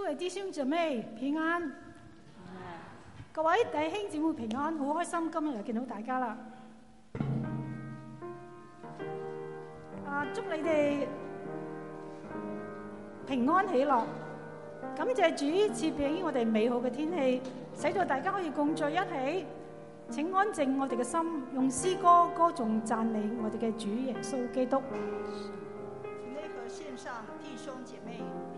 各位弟兄姐妹平安，各位弟兄姊妹平安，好開心今日又見到大家啦！啊，祝你哋平安喜樂，感謝主賜俾我哋美好嘅天氣，使到大家可以共聚一起，請安靜我哋嘅心，用詩歌歌頌讚美我哋嘅主耶穌基督。呢個綫上弟兄姐妹。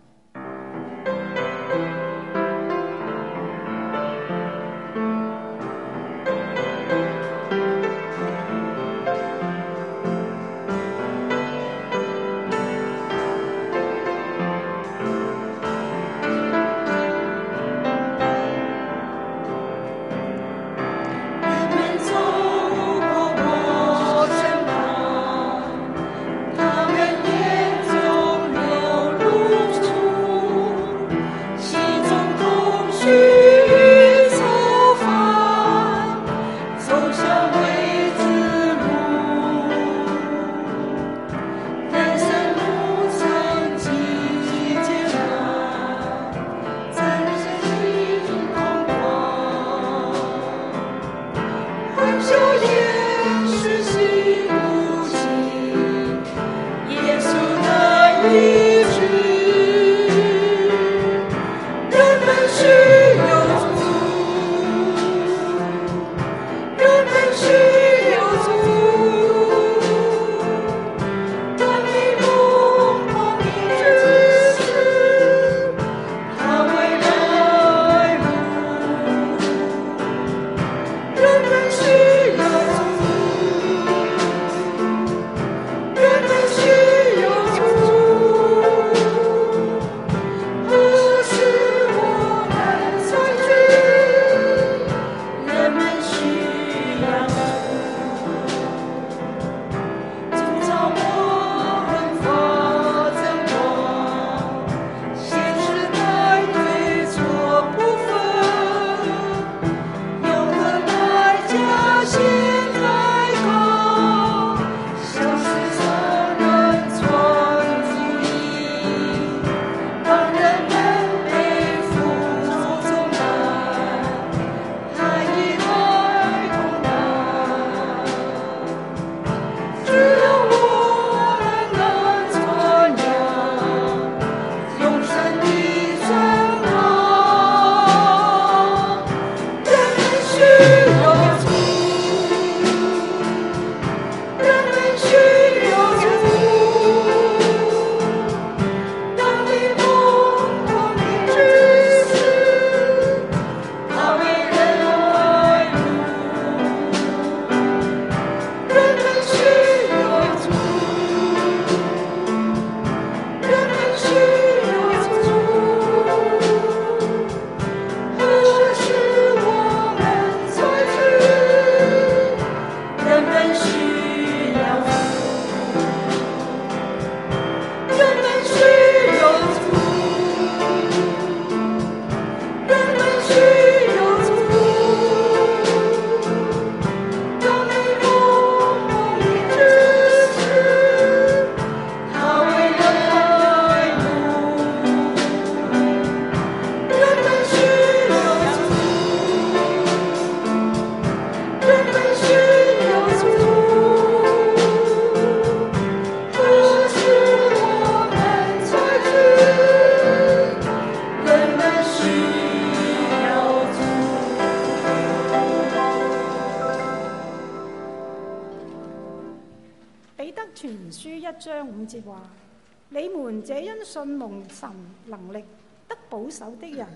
神能力得保守的人，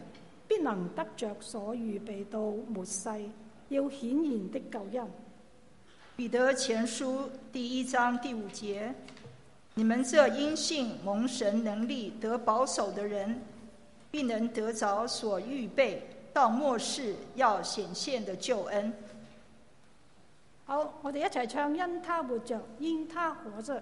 必能得着所預備到末世要顯現的救恩。彼得前書第一章第五節：你們這因信蒙神能力得保守的人，必能得着所預備到末世要顯現的救恩。好，我哋一齊唱，因他活着，因他活着。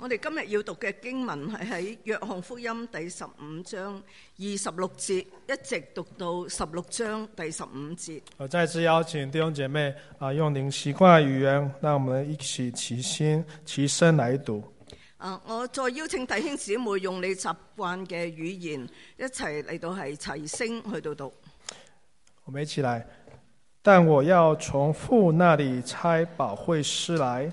我哋今日要讀嘅經文係喺《約翰福音》第十五章二十六節，一直讀到十六章第十五節。我再次邀請弟兄姐妹啊，用您習慣嘅語言，那我們一起齊心齊聲來讀。啊，我再邀請弟兄姊妹用你習慣嘅語言，一齊嚟到係齊聲去度讀。我們一起嚟，但我要從父那裏差保惠師來。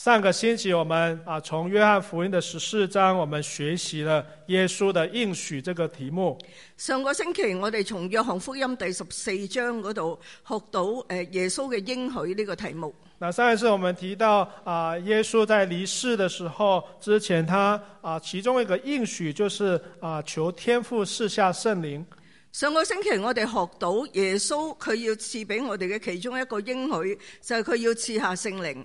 上個星期我們啊從約翰福音的十四章，我們學習了耶穌的應許這個題目。上個星期我哋從約翰福音第十四章嗰度學到耶穌嘅應許呢個題目。嗱，上一次我們提到啊，耶穌在離世的時候之前，他啊其中一個應許就是啊求天父賜下聖靈。上個星期我哋學到耶穌佢要賜給我哋嘅其中一個應許就是佢要賜下聖靈。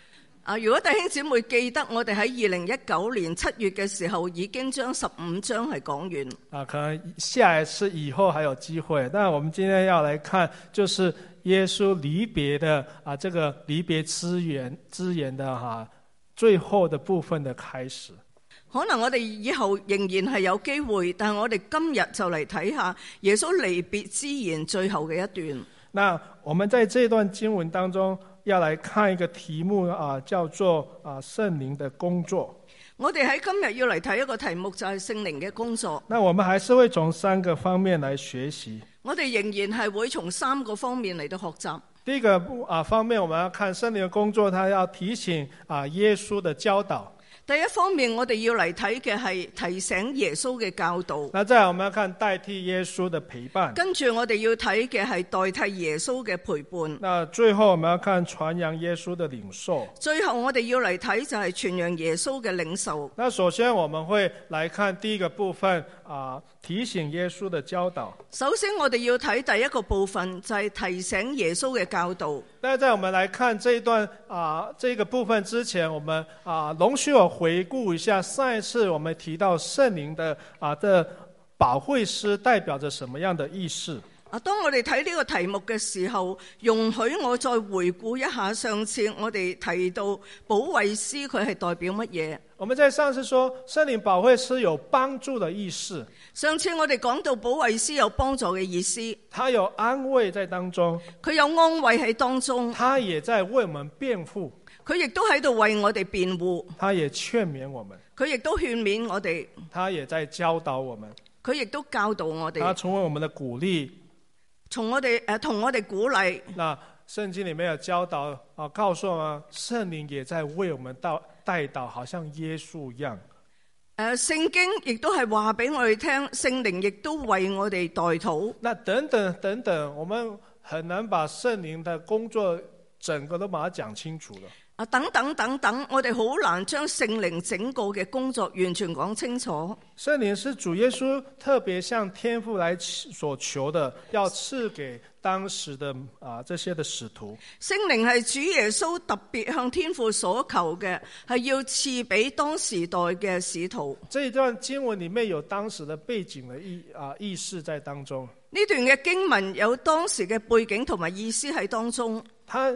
啊！如果弟兄姊妹記得，我哋喺二零一九年七月嘅時候已經將十五章係講完。啊，可能下一次以後還有機會，但我們今天要來看，就是耶穌離別的啊，這個離別之言之言的哈，啊，最後的部分的開始。可能我哋以後仍然係有機會，但係我哋今日就嚟睇下耶穌離別之言最後嘅一段。那我們在這段經文當中。要來看一個題目啊，叫做啊聖靈的工作。我哋喺今日要嚟睇一個題目，就係、是、聖靈嘅工作。那我們還是會從三個方面嚟學習。我哋仍然係會從三個方面嚟到學習。第一個啊方面，我們要看聖靈嘅工作，他要提醒啊耶穌嘅教導。第一方面，我哋要嚟睇嘅係提醒耶穌嘅教導。那再來，我們要看代替耶穌的陪伴。跟住我哋要睇嘅係代替耶穌嘅陪伴。那最後，我們要看傳揚耶穌的領袖。最後，我哋要嚟睇就係傳揚耶穌嘅領袖。那首先，我們會來看第一個部分。啊！提醒耶穌的教導。首先，我哋要睇第一個部分，就係、是、提醒耶穌嘅教導。但係，在我們來看這一段啊，這個部分之前，我們啊，容許我回顧一下上一次我們提到聖靈的啊的保惠師代表着什麼樣的意思。啊！當我哋睇呢個題目嘅時候，容許我再回顧一下上次我哋提到保惠師佢係代表乜嘢？我們在上次說，聖靈保惠師有幫助的意思。上次我哋講到保惠師有幫助嘅意思。他有安慰在當中。佢有安慰喺當中。他也在為我們辯護。佢亦都喺度為我哋辯護。他也勸勉我們。佢亦都勸勉我哋。他也在教導我們。佢亦都教導我哋。他成為我們的鼓勵。從我哋誒、呃，同我哋鼓勵。那聖經裏面有教導啊，告訴我們、啊、聖靈也在為我們到代禱，好像耶穌一樣。誒、呃，聖經亦都係話俾我哋聽，聖靈亦都為我哋代禱。那等等等等，我們很難把聖靈的工作整個都把它講清楚了。等等等等，我哋好難將聖靈整個嘅工作完全講清楚。聖靈是主耶穌特別向天父來所求的，要賜給當時的啊這些的使徒。聖靈係主耶穌特別向天父所求嘅，係要賜俾當時代嘅使徒。這一段經文裏面有當時的背景的意啊意思在當中。呢段嘅經文有當時嘅背景同埋意思喺當中。他。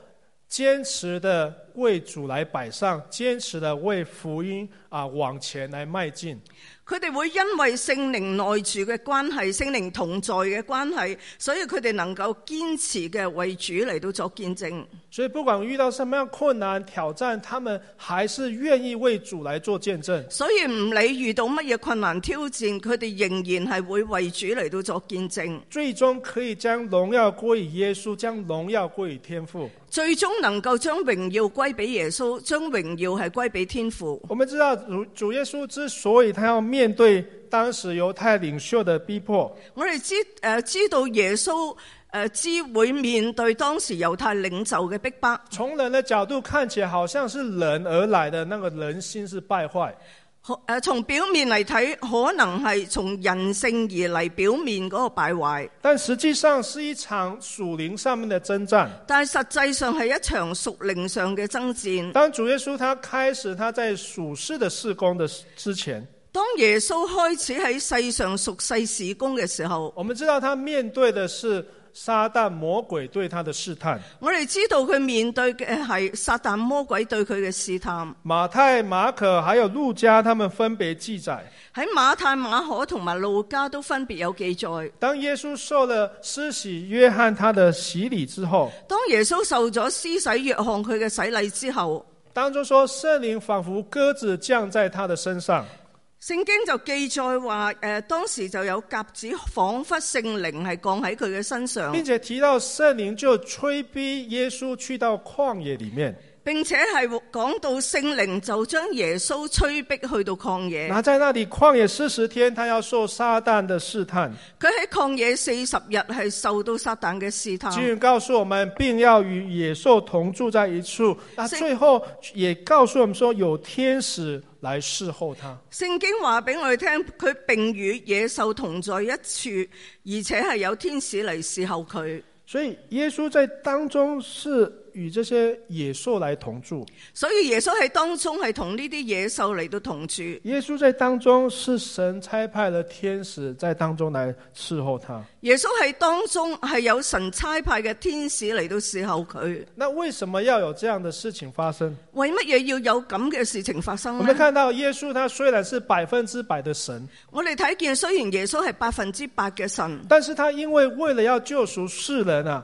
堅持地為主來擺上，堅持地為福音啊往前來邁進。佢哋會因為聖靈內住嘅關係、聖靈同在嘅關係，所以佢哋能夠堅持嘅為主嚟到作見證。所以不管遇到什麼樣困難挑戰，他們還是願意為主來做見證。所以唔理遇到乜嘢困難挑戰，佢哋仍然係會為主嚟到作見證。最終可以將榮耀歸於耶穌，將榮耀歸於天父。最終能夠將榮耀歸俾耶穌，將榮耀係歸俾天父。我們知道主耶穌之所以他要面對當時猶太領袖的逼迫，我哋知誒、呃、知道耶穌誒只、呃、會面對當時猶太領袖嘅逼迫。從人的角度看起來，好像是人而來的那個人心是敗壞。誒，從表面嚟睇，可能係從人性而嚟表面嗰個敗壞。但實際上是一場屬靈上面嘅征戰。但實際上係一場屬靈上嘅征戰。當主耶穌他開始他在屬世的事工的之前，當耶穌開始喺世上屬世事工嘅時候，我們知道他面對的是。撒旦魔鬼對他的試探，我哋知道佢面對嘅係撒旦魔鬼對佢嘅試探。馬太、馬可還有路加，他們分別記載。喺馬太、馬可同埋路加都分別有記載。當耶穌受了施洗約翰他的洗禮之後，當耶穌受咗施洗約翰佢嘅洗禮之後，當中說聖靈仿佛鴿子降在他的身上。聖經就記載話，誒、呃，當時就有鴿子仿佛聖靈係降喺佢嘅身上，並且提到聖靈就催逼耶穌去到曠野裏面，並且係講到聖靈就將耶穌催逼去到曠野。那在那裏曠野四十天，他要受撒旦嘅試探。佢喺曠野四十日係受到撒旦嘅試探。經文告訴我們，並要與野獸同住在一處。那最後也告訴我們說，有天使。來侍候他。聖經話俾我哋聽，佢並與野獸同在一處，而且係有天使嚟侍候佢。所以耶穌在當中是。與這些野獸來同住，所以耶穌喺當中係同呢啲野獸嚟到同住。耶穌在當中是神差派的天使在當中來伺候他。耶穌喺當中係有神差派嘅天使嚟到伺候佢。那為什麼要有這樣的事情發生？為乜嘢要有咁嘅事情發生？我們看到耶穌，他雖然是百分之百的神，我哋睇見雖然耶穌係百分之百嘅神，但是他因為為了要救贖世人啊，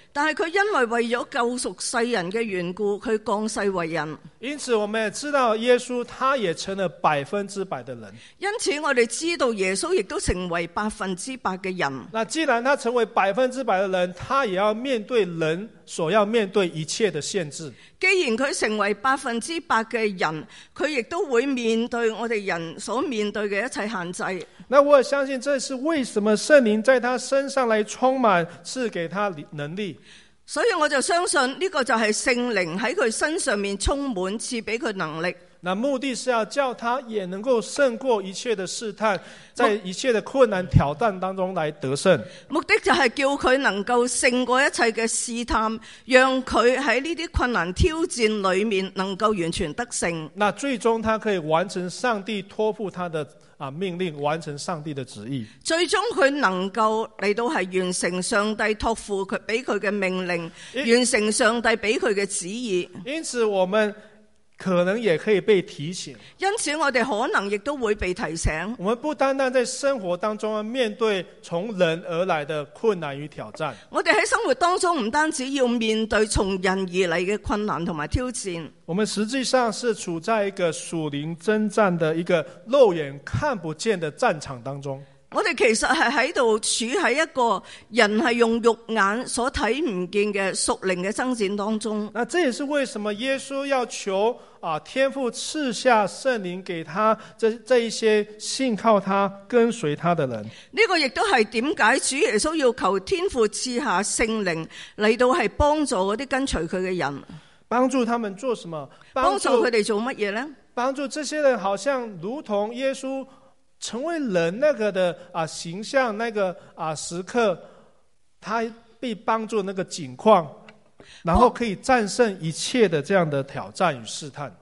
但係佢因為為咗救贖世人嘅緣故，佢降世為人。因此，我們知道耶穌，他也成了百分之百的人。因此，我哋知道耶穌亦都成為百分之百嘅人。那既然他成為百分之百的人，他也要面對人所要面對一切的限制。既然佢成為百分之百嘅人，佢亦都會面對我哋人所面對嘅一切限制。那我相信這是為什麼聖靈在他身上嚟充滿，賜給他能力。所以我就相信呢個就係聖靈喺佢身上面充滿賜俾佢能力。嗱，目的是要叫他也能夠勝過一切的試探，在一切的困難挑戰當中來得勝。目的就係叫佢能夠勝過一切嘅試探，讓佢喺呢啲困難挑戰裏面能夠完全得勝。那最終他可以完成上帝託付他的。啊！命令完成上帝的旨意，最終佢能夠嚟到係完成上帝託付佢俾佢嘅命令，完成上帝俾佢嘅旨意。因，因此，我們。可能也可以被提醒，因此我哋可能亦都會被提醒。我們不單單在生活當中面對從人而來的困難與挑戰，我哋喺生活當中唔單止要面對從人而嚟嘅困難同埋挑戰。我們實際上是處在一個屬靈征戰的一個肉眼看不見的戰場當中。我哋其實係喺度處喺一個人係用肉眼所睇唔見嘅屬靈嘅征戰當中。那這也是為什麼耶穌要求。啊！天父賜下聖靈給他，這，這這一些信靠他、跟隨他的人，呢、這個亦都係點解主耶穌要求天父賜下聖靈嚟到係幫助嗰啲跟隨佢嘅人？幫助他們做什麼？幫助佢哋做乜嘢呢？幫助這些人，好像如同耶穌成為人那個的啊形象，那個啊時刻，他被幫助那個景況。然後可以戰勝一切的這樣的挑戰與試探，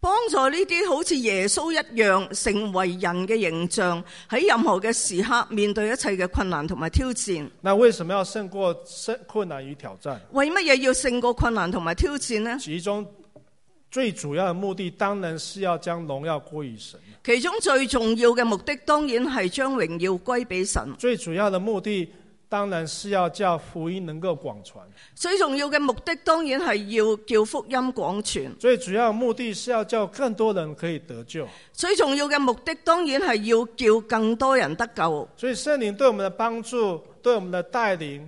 幫助呢啲好似耶穌一樣成為人嘅形象，喺任何嘅時刻面對一切嘅困難同埋挑戰。那為什麼要勝過困難與挑戰？為乜嘢要勝過困難同埋挑戰呢？其中最主要嘅目的，當然是要將榮耀歸於神。其中最重要嘅目的，當然係將榮耀歸俾神。最主要嘅目的。當然是要叫福音能夠廣傳。最重要嘅目的，當然係要叫福音廣傳。最主要目的是要叫更多人可以得救。最重要嘅目的，當然係要叫更多人得救。所以聖靈對我們的幫助，對我們的帶領，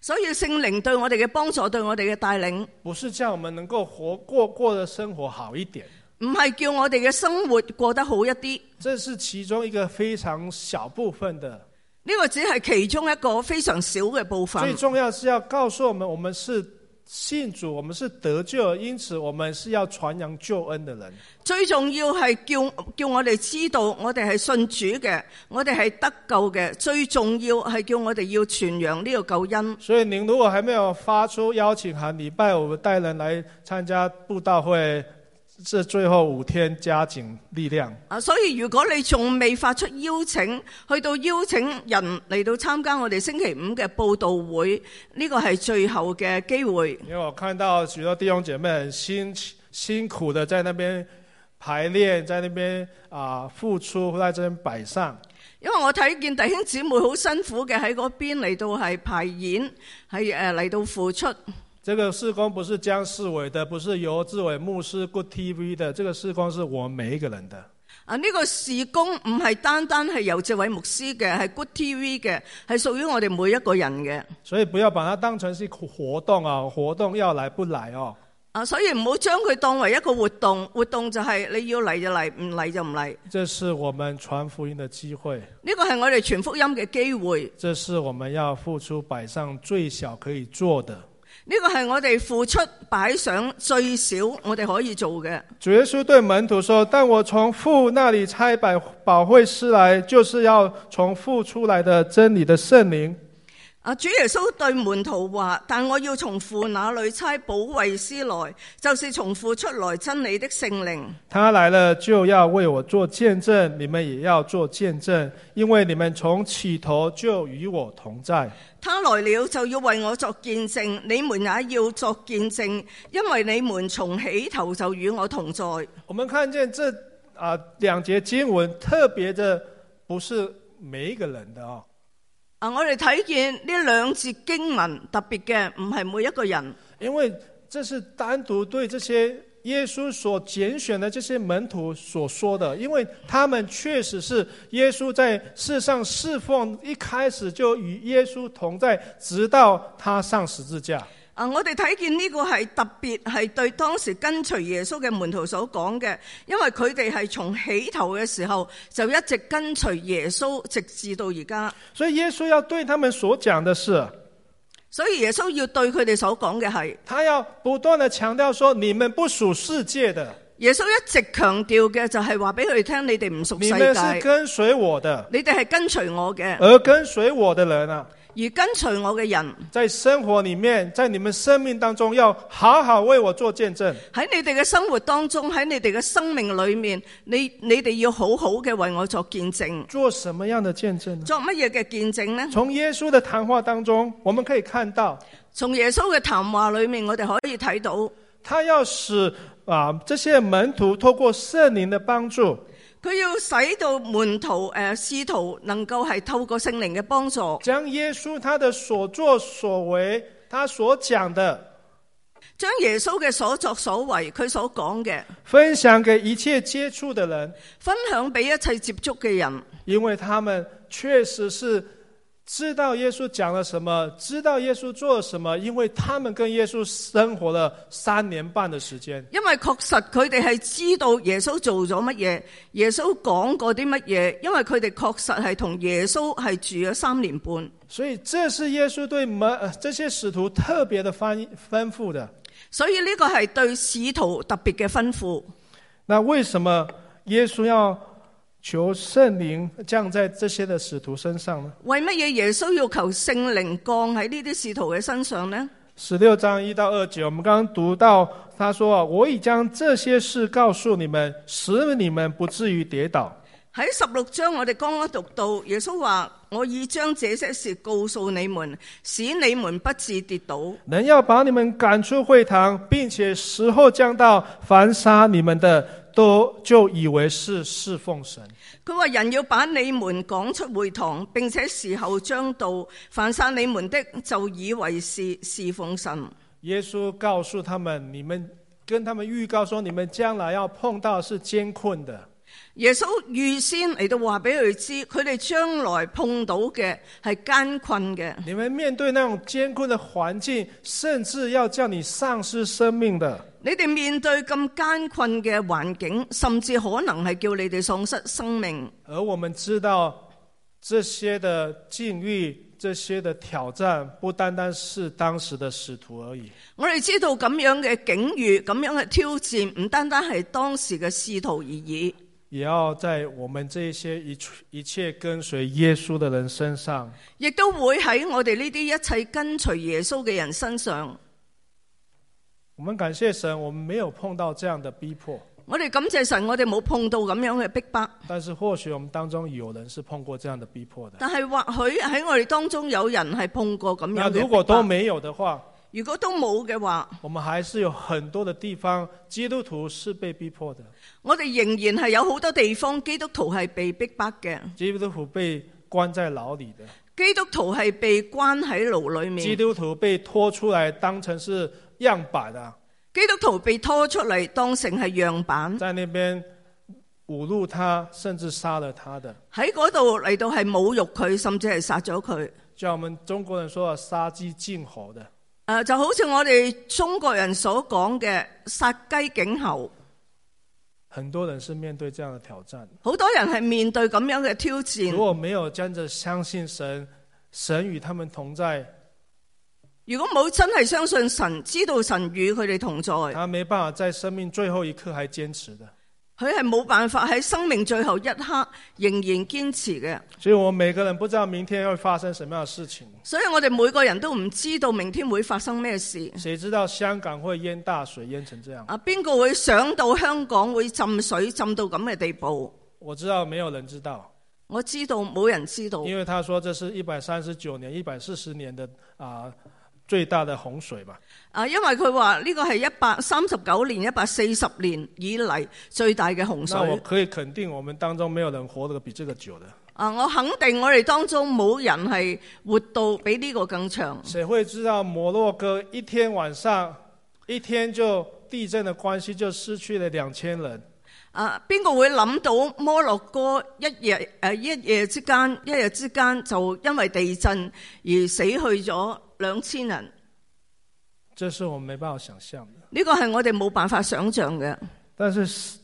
所以聖靈對我哋嘅幫助，對我哋嘅帶領，不是叫我們能夠活過過嘅生活好一點，唔係叫我哋嘅生活過得好一啲。這是其中一個非常小部分的。呢、這個只係其中一個非常少嘅部分。最重要是要告訴我們，我們是信主，我們是得救，因此我們是要傳揚救恩的人。最重要係叫叫我哋知道，我哋係信主嘅，我哋係得救嘅。最重要係叫我哋要傳揚呢個救恩。所以，您如果還沒有發出邀請函，禮拜我們帶人來參加布道會。這最後五天加緊力量。啊，所以如果你仲未發出邀請，去到邀請人嚟到參加我哋星期五嘅佈道會，呢個係最後嘅機會。因為我看到許多弟兄姐妹辛辛苦的在那邊排練，在那邊啊付出，在這邊擺上。因為我睇見弟兄姊妹好辛苦嘅喺嗰邊嚟到係排演，係誒嚟到付出。這個事工不是將事委的，不是由志偉牧師 Good TV 的，這個事工是我們每一個人的。啊，呢個事工唔係單單係由志偉牧師嘅，係 Good TV 嘅，係屬於我哋每一個人嘅。所以不要把它當成是活動啊，活動要來不來哦。啊，所以唔好將佢當為一個活動，活動就係你要嚟就嚟，唔嚟就唔嚟。這是我們傳福音的機會。呢個係我哋傳福音嘅機會。這是我們要付出擺上最小可以做的。呢、這個係我哋付出擺上最少，我哋可以做嘅。主耶穌對門徒說：但我從父那裏差保惠師來，就是要從父出來的真理的聖靈。阿主耶穌對門徒話：但我要從父那裏差保惠師來，就是從父出來真理的聖靈。他來了就要為我作見證，你們也要作見證，因為你們從起頭就與我同在。他來了就要為我作見證，你們也要作見證，因為你們從起頭就與我同在。我們看見這啊兩節經文特別的，不是每一個人的哦。啊！我哋睇見呢兩節經文特別嘅，唔係每一個人。因為這是單獨對這些耶穌所揀選的這些門徒所說的，因為他們確實是耶穌在世上侍奉，一開始就與耶穌同在，直到他上十字架。啊！我哋睇見呢個係特別係對當時跟隨耶穌嘅門徒所講嘅，因為佢哋係從起頭嘅時候就一直跟隨耶穌，直至到而家。所以耶穌要對他們所講的事，所以耶穌要對佢哋所講嘅係，他要不斷地強調說，你們不屬世界的。耶穌一直強調嘅就係話俾佢哋聽，你哋唔屬世界。你們是跟隨我的，你哋係跟隨我嘅，而跟隨我的人啊。而跟隨我嘅人，在生活裏面，在你們生命當中，要好好為我做見證。喺你哋嘅生活當中，喺你哋嘅生命裏面，你你哋要好好嘅為我做見證。做什麼樣的見證呢？做乜嘢嘅見證呢？從耶穌的談話當中，我們可以看到，從耶穌嘅談話裏面，我哋可以睇到，他要使啊、呃，這些門徒透過聖靈的幫助。佢要使到門徒誒，信、呃、徒能夠係透過聖靈嘅幫助，將耶穌他的所作所為，他所講的，將耶穌嘅所作所為，佢所講嘅，分享給一切接觸嘅人，分享俾一切接觸嘅人，因為他們確實是。知道耶穌講了什麼，知道耶穌做了什麼，因為他們跟耶穌生活了三年半的時間。因為確實佢哋係知道耶穌做咗乜嘢，耶穌講過啲乜嘢，因為佢哋確實係同耶穌係住咗三年半。所以這是耶穌對們這些使徒特別的吩吩咐的。所以呢個係對使徒特別嘅吩咐。那為什麼耶穌要？求聖靈降在這些的使徒身上呢？為乜嘢耶穌要求聖靈降喺呢啲使徒嘅身上呢？十六章一到二節，我們剛剛讀到，他說：我已將這些事告訴你們，使你們不至於跌倒。喺十六章我哋剛剛讀到，耶穌話：我已將這些事告訴你們，使你們不至跌倒。人要把你們趕出會堂，並且時候將到，凡殺你們的都就以為是侍奉神。佢話人要把你們趕出會堂，並且時候將到，犯殺你們的就以為是侍奉神。耶穌告訴他們，你們跟他們預告說，你們將來要碰到的是艱困的。耶穌預先嚟到話俾佢知，佢哋將來碰到嘅係艱困嘅。你們面對那種艱困的環境，甚至要叫你喪失生命的。你哋面對咁艱困嘅環境，甚至可能係叫你哋喪失生命。而我們知道，這些的境遇、這些的挑戰，不單單是當時的使徒而已。我哋知道咁樣嘅境遇、咁樣嘅挑戰，唔單單係當時嘅使徒而已。也要在我們這些一切的這些一切跟隨耶穌嘅人身上，亦都會喺我哋呢啲一切跟隨耶穌嘅人身上。我們感謝神，我們沒有碰到這樣的逼迫。我哋感謝神，我哋冇碰到咁樣嘅逼迫。但是或許我們當中有人是碰過這樣的逼迫的。但係或許喺我哋當中有人係碰過咁樣嘅逼迫。如果都沒有的話，如果都冇嘅話，我們還是有很多的地方基督徒是被逼迫的。我哋仍然係有好多地方基督徒係被逼迫嘅。基督徒被關在牢裏的。基督徒係被關喺牢裏面。基督徒被拖出來當成是。樣板啊！基督徒被拖出嚟當成係樣板，在那邊侮辱他，甚至殺了他的。喺嗰度嚟到係侮辱佢，甚至係殺咗佢。就像我們中國人說的殺雞儆猴的。誒，就好似我哋中國人所講嘅殺雞儆猴。很多人是面對這樣的挑戰。好多人係面對咁樣嘅挑戰。如果沒有真正相信神，神與他們同在。如果冇真係相信神，知道神與佢哋同在。他沒辦法在生命最後一刻還堅持的。佢係冇辦法喺生命最後一刻仍然堅持嘅。所以我每個人不知道明天會發生什麼樣的事情。所以我哋每個人都唔知道明天會發生咩事。誰知道香港會淹大水淹成這樣？啊，邊個會想到香港會浸水浸到咁嘅地步？我知道沒有人知道。我知道冇人知道。因為他說這是一百三十九年、一百四十年的啊。最大的洪水嘛？啊，因為佢話呢個係一百三十九年、一百四十年以嚟最大嘅洪水。那我可以肯定，我們當中沒有人活得比這個久的。啊，我肯定我哋當中冇人係活到比呢個更長。誰會知道摩洛哥一天晚上，一天就地震的關係就失去了兩千人？啊，邊個會諗到摩洛哥一夜誒一夜之間，一夜之間就因為地震而死去咗？兩千人，這是我冇辦法想象嘅。呢個係我哋冇辦法想象嘅、這個。但是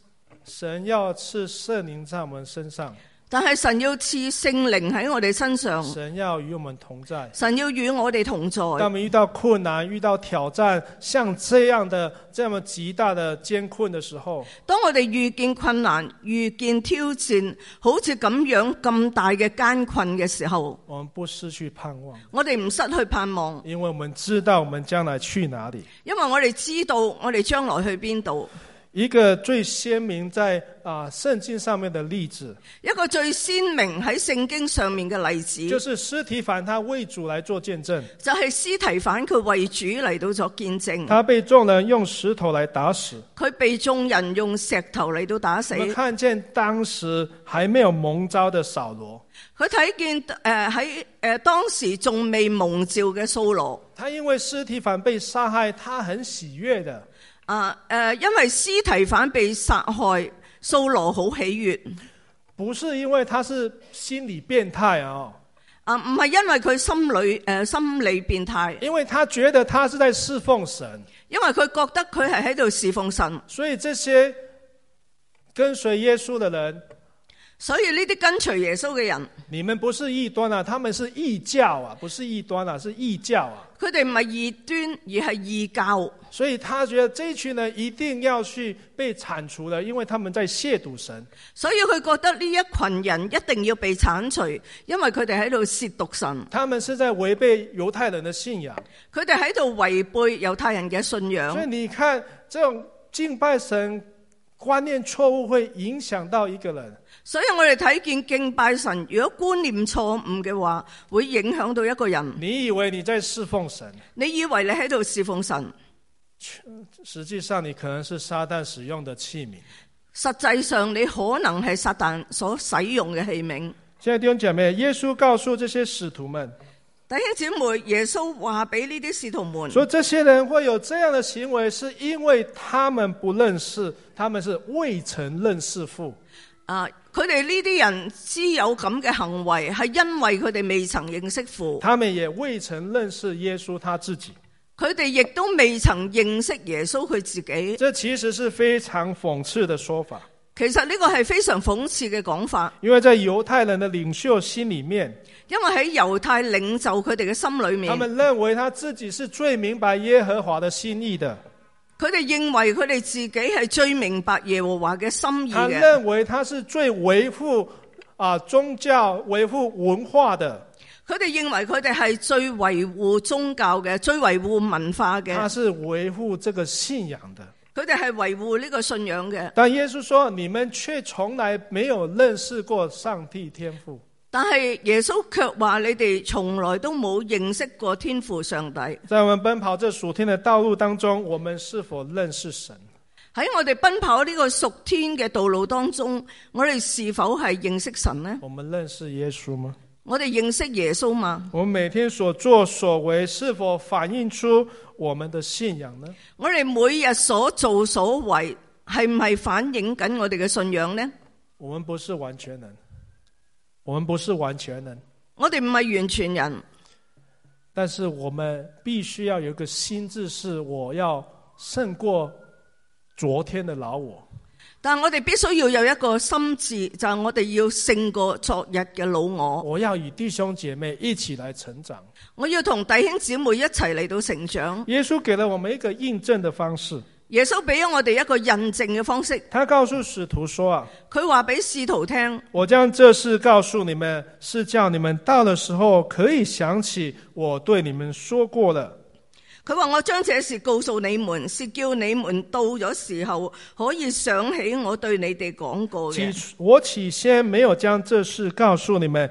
神要賜聖靈在我們身上。但係神要賜聖靈喺我哋身上，神要與我們同在，神要與我哋同在。當我們遇到困難、遇到挑戰，像這樣的這麼極大的艱困的時候，當我哋遇見困難、遇見挑戰，好似咁樣咁大嘅艱困嘅時候，我們不失去盼望，我哋唔失去盼望，因為我們知道我們將來去哪裏，因為我哋知道我哋將來去邊度。一個最鮮明在啊聖經上面的例子，一個最鮮明喺聖經上面嘅例子，就是司提反他為主來做見證，就係司提反佢為主嚟到作見證。他被眾人用石頭來打死，佢被眾人用石頭嚟到打死。佢看見當時還沒有蒙召的掃羅，佢睇見誒喺誒當時仲未蒙召嘅掃羅，他因為司提反被殺害，他很喜悦的。啊、呃、誒，因為司提反被殺害，掃羅好喜悦。不是因為他是心理變態啊、哦。啊、呃，唔係因為佢心理誒、呃、心理變態。因為他覺得他是在侍奉神。因為佢覺得佢係喺度侍奉神。所以這些跟隨耶穌的人。所以呢啲跟隨耶穌嘅人。你們不是異端啊，他們是異教啊，不是異端啊，是異教啊。佢哋唔係異端，而係異教。所以，他覺得這群人呢一定要去被鏟除的，因為他們在褻瀆神。所以佢覺得呢一群人一定要被鏟除，因為佢哋喺度褻瀆神。他們是在違背猶太人的信仰。佢哋喺度違背猶太人嘅信仰。所以，你看，這種敬拜神觀念錯誤，會影響到一個人。所以我哋睇見敬拜神，如果觀念錯誤嘅話，會影響到一個人。你以為你在侍奉神？你以為你喺度侍奉神？實際上，你可能是撒旦使用的器皿。實際上，你可能係撒旦所使用嘅器皿。現在弟兄姐妹，耶穌告訴這些使徒們，弟兄姐妹，耶穌話俾呢啲使徒們，所以這些人會有這樣的行為，是因為他們不認識，他們是未曾認識父啊。佢哋呢啲人只有咁嘅行為，係因為佢哋未曾認識父。他們也未曾認識耶穌他自己。佢哋亦都未曾認識耶穌佢自己。這其實是非常諷刺的說法。其實呢個係非常諷刺嘅講法。因為在猶太人的領袖心裡面，因為喺猶太領袖佢哋嘅心裡面，他們認為他自己是最明白耶和華的心意的。佢哋認為佢哋自己係最明白耶和華嘅心意嘅。他認為他是最維護宗教、維護文化的。佢哋認為佢哋係最維護宗教嘅、最維護文化嘅。他是維護這個信仰的。佢哋係維護呢個信仰嘅。但耶穌說：你們卻從來沒有認識過上帝天父。但係耶穌卻話：你哋從來都冇認識過天父上帝。在我們奔跑這屬天的道路當中，我們是否認識神？喺我哋奔跑呢個屬天嘅道路當中，我哋是否係認識神呢？我們認識耶穌嗎？我哋認識耶穌嗎？我每天所做所為是否反映出我們的信仰呢？我哋每日所做所為係唔係反映緊我哋嘅信仰呢？我們不是完全能。我們不是完全人，我哋唔係完全人，但是我們必須要有一個心智，是我要勝過昨天的老我。但我哋必須要有一個心智，就係、是、我哋要勝過昨日嘅老我。我要與弟兄姐妹一起來成長，我要同弟兄姊妹一齊嚟到成，成長。耶穌給了我們一個印證的方式。耶穌俾咗我哋一個印證嘅方式，他告訴使徒說啊，佢話俾使徒聽，我將這事告訴你們，是叫你們到的時候可以想起我對你們說過的。佢話我將這事告訴你們，是叫你們到咗時候可以想起我對你哋講過嘅。我起先沒有將這事告訴你們，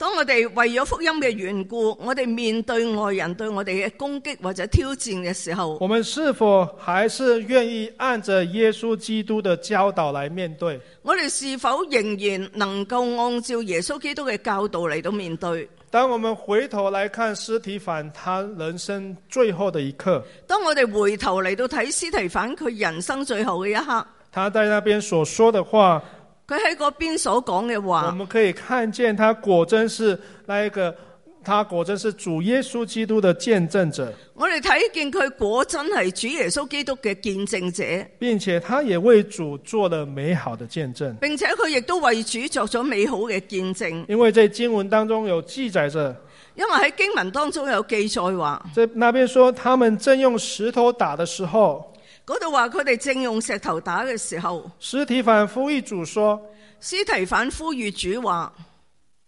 當我哋為咗福音嘅緣故，我哋面對外人對我哋嘅攻擊或者挑戰嘅時候，我們是否還是願意按着耶穌基督的教導來面對？我哋是否仍然能夠按照耶穌基督嘅教導嚟到面對？當我們回頭來看司提反他人生最後的一刻，當我哋回頭嚟到睇司提反佢人生最後嘅一刻，他在那邊所說的話。佢喺嗰邊所講嘅話，我們可以看見他果真是那一個，他果真是主耶穌基督的見證者。我哋睇見佢果真係主耶穌基督嘅見證者，並且他也為主做了美好的見證，並且佢亦都為主作咗美好嘅見證。因為在經文當中有記載着，因為喺經文當中有記載話，在那邊說他們正用石頭打的時候。嗰度話佢哋正用石頭打嘅時候，司提反呼籲主說：司提反呼籲主話，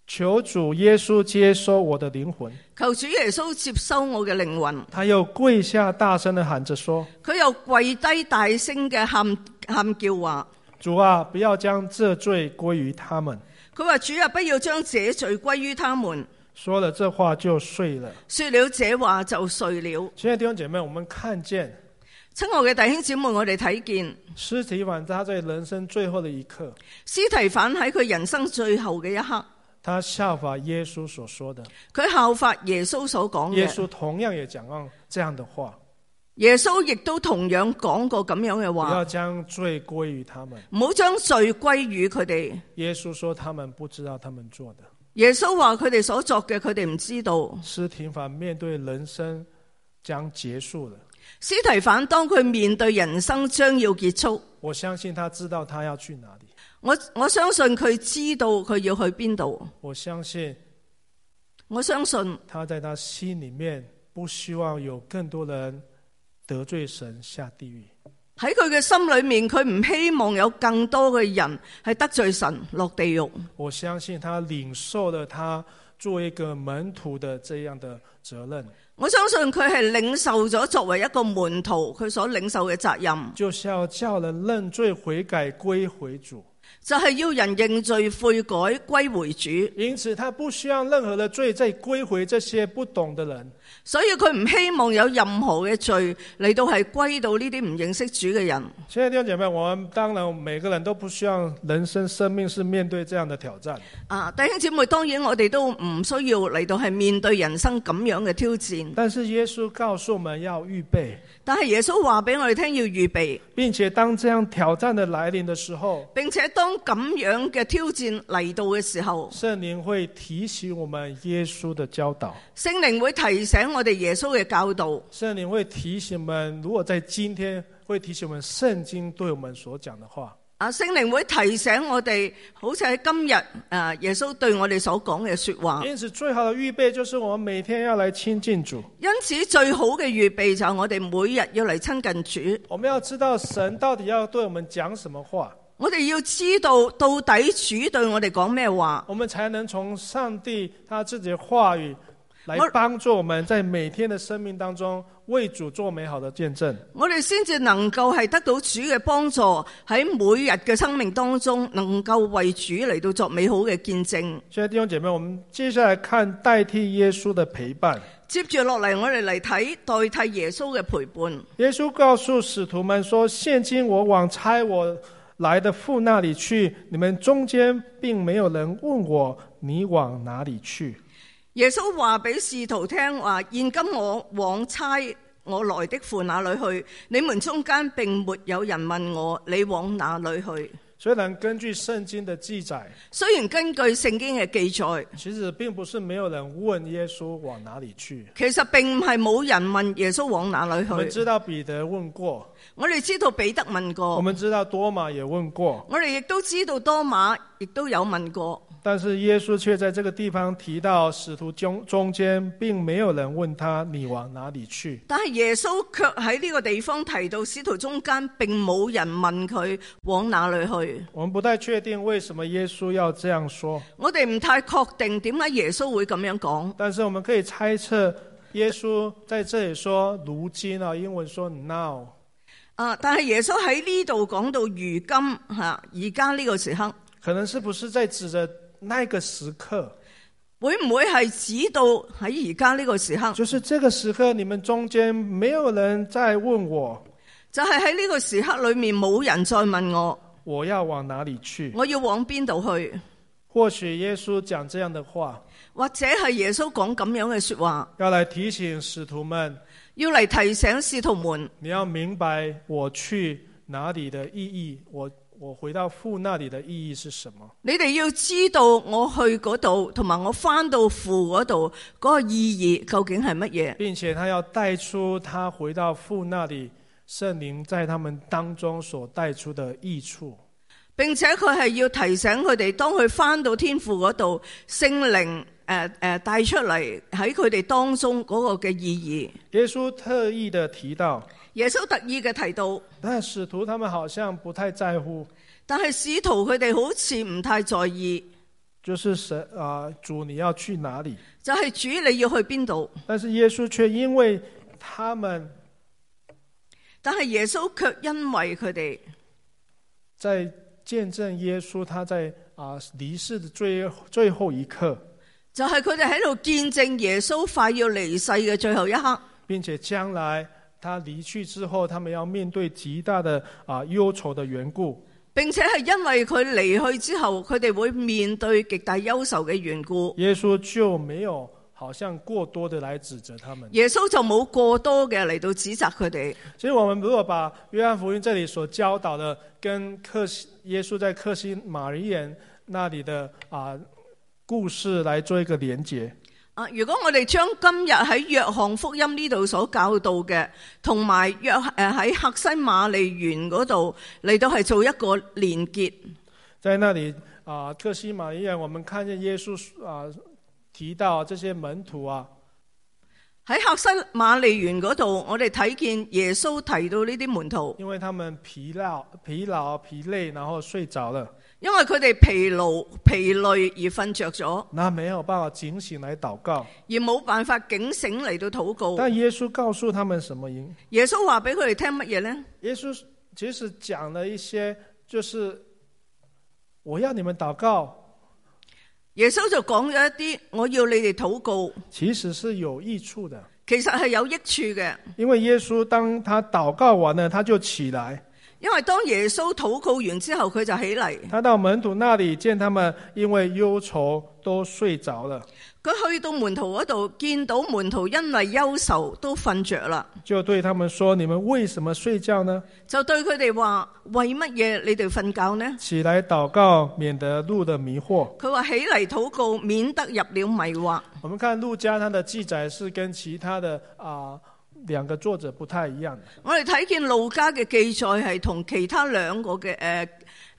求主耶穌接收我的靈魂。求主耶穌接收我嘅靈魂。他又跪下大聲的喊着說：佢又跪低大聲嘅喊喊叫話：主啊，不要將這罪歸於他們。佢話主啊，不要將這罪歸於他們。說了這話就睡了。說了這話就睡了。親愛的弟兄姐妹，我們看見。親愛嘅弟兄姐妹，我哋睇見司提反他在人生最後的一刻，司提反喺佢人生最後嘅一刻，他效法耶穌所說的，佢效法耶穌所講嘅。耶穌同樣也講過這樣的話，耶穌亦都同樣講過咁樣嘅話。不要將罪歸於他們，唔好將罪歸於佢哋。耶穌說他們不知道他們做的。耶穌話佢哋所作嘅佢哋唔知道。司提反面對人生將結束了司提反當佢面對人生將要結束，我相信他知道他要去哪裏。我我相信佢知道佢要去邊度。我相信，我相信他在他心裏面不希望有更多人得罪神下地獄。喺佢嘅心裏面，佢唔希望有更多嘅人係得罪神落地獄。我相信他領受了他做一個門徒的這樣的責任。我相信佢係領受咗作為一個門徒佢所領受嘅責任，就是要叫人認罪悔改歸回主，就係要人認罪悔改歸回主。因此，他不需要任何嘅罪再歸回這些不懂嘅人。所以佢唔希望有任何嘅罪嚟到係歸到呢啲唔認識主嘅人。親愛的弟兄姐妹，我們當然每個人都不希望人生生命是面對這樣的挑戰的。啊，弟兄姐妹，當然我哋都唔需要嚟到係面對人生咁樣嘅挑戰。但是耶穌告訴我們要預備。但係耶穌話俾我哋聽，要，要預備，並且當這樣挑戰的來臨的時候，並且當咁樣嘅挑戰嚟到嘅時候，聖靈會提醒我們耶穌的教導。聖靈會提醒。請我哋耶穌嘅教導，聖靈會提醒我們，如果在今天會提醒我們聖經對我們所講的話。啊，聖靈會提醒我哋，好似喺今日，誒，耶穌對我哋所講嘅說話。因此最好嘅預備就是我們每天要嚟親近主。因此最好嘅預備就係我哋每日要嚟親近主。我們要知道神到底要對我們講什麼話。我哋要知道到底主對我哋講咩話，我們才能從上帝他自己嘅話語。來幫助我們在每天的生命當中為主做美好的見證。我哋先至能夠係得到主嘅幫助，喺每日嘅生命當中能夠為主嚟到作美好嘅見證。現在弟兄姐妹，我們接下來看代替耶穌的陪伴。接住落嚟，我哋嚟睇代替耶穌嘅陪伴。耶穌告訴使徒們說：現今我往差我來的父那裏去，你們中間並沒有人問我，你往哪裏去？耶穌話俾使徒聽話，現今我往差我來的父那裏去，你們中間並沒有人問我你往哪裏去。雖然根據聖經的記載，雖然根據聖經嘅記載，其實並不是沒有人問耶穌往哪裏去。其實並唔係冇人問耶穌往哪裏去。我們知道彼得問過，我哋知道彼得問過，我們知道多馬也問過，我哋亦都知道多馬亦都有問過。但是耶穌卻在這個地方提到，使徒中中間並沒有人問他你往哪裡去。但是耶穌卻喺呢個地方提到，使徒中間並冇人問佢往哪裡去。我們不太確定為什麼耶穌要這樣說。我哋唔太確定點解耶穌會咁樣講。但是我們可以猜測，耶穌在這裡說如今啊，英文說 now 啊，但係耶穌喺呢度講到如今吓，而家呢個時刻，可能是不是在指着？那個時刻會唔會係指到喺而家呢個時刻？就是這個時刻，你們中間沒有人再問我，就係喺呢個時刻裏面冇人再問我，我要往哪裏去？我要往邊度去？或許耶穌講這樣的話，或者係耶穌講咁樣嘅說話，要嚟提醒使徒們，要嚟提醒使徒們，你要明白我去哪裏的意義。我。我回到父那裡的意義是什麼？你哋要知道我去嗰度，同埋我返到父嗰度嗰個意義究竟係乜嘢？並且他要帶出他回到父那裡，聖靈在他們當中所帶出的益處，並且佢係要提醒佢哋，當佢返到天父嗰度，聖靈誒誒、呃呃、帶出嚟喺佢哋當中嗰個嘅意義。耶穌特意地提到。耶穌特意嘅提到，但係使徒他們好像不太在乎。但係使徒佢哋好似唔太在意。就是神啊、呃，主你要去哪裏？就係、是、主你要去邊度？但是耶穌卻因為他們，但係耶穌卻因為佢哋，在見證耶穌，他在啊、呃、離世的最最後一刻。就係佢哋喺度見證耶穌快要離世嘅最後一刻，並且將來。他離去之後，他們要面對極大的啊憂愁的緣故，並且係因為佢離去之後，佢哋會面對極大憂愁嘅緣故。耶穌就沒有好像過多的來指責他們。耶穌就冇過多嘅嚟到指責佢哋。所以，我們如果把約翰福音這裏所教導的，跟克耶穌在客西馬尼園那裏的啊故事來做一個連接啊！如果我哋將今日喺約翰福音呢度所教導嘅，同埋約誒喺客西馬尼園嗰度嚟到係做一個連結。在那裏啊，客西馬尼園，我們看見耶穌啊提到這些門徒啊。喺客西馬尼園嗰度，我哋睇見耶穌提到呢啲門徒。因為他們疲勞、疲勞、疲累，然後睡着了。因為佢哋疲勞疲累而瞓着咗，那沒有辦法警醒嚟禱告，而冇辦法警醒嚟到禱告。但耶穌告訴他們什麼？耶穌話俾佢哋聽乜嘢呢？耶穌其實講了一些，就是我要你們禱告。耶穌就講咗一啲，我要你哋禱告。其實是有益處的，其實係有益處嘅。因為耶穌當他禱告完呢，他就起來。因為當耶穌禱告完之後，佢就起嚟。他到門徒那裏，見他們因為憂愁都睡着了。佢去到門徒嗰度，見到門徒因為憂愁都瞓着了，就對他們說：你們為什麼睡覺呢？就對佢哋話：為乜嘢你哋瞓覺呢？起來禱告，免得路的迷惑。佢話：起嚟禱告，免得入了迷惑。我們看路加他的記載是跟其他的啊。呃兩個作者不太一樣，我哋睇見路加嘅記載係同其他兩個嘅誒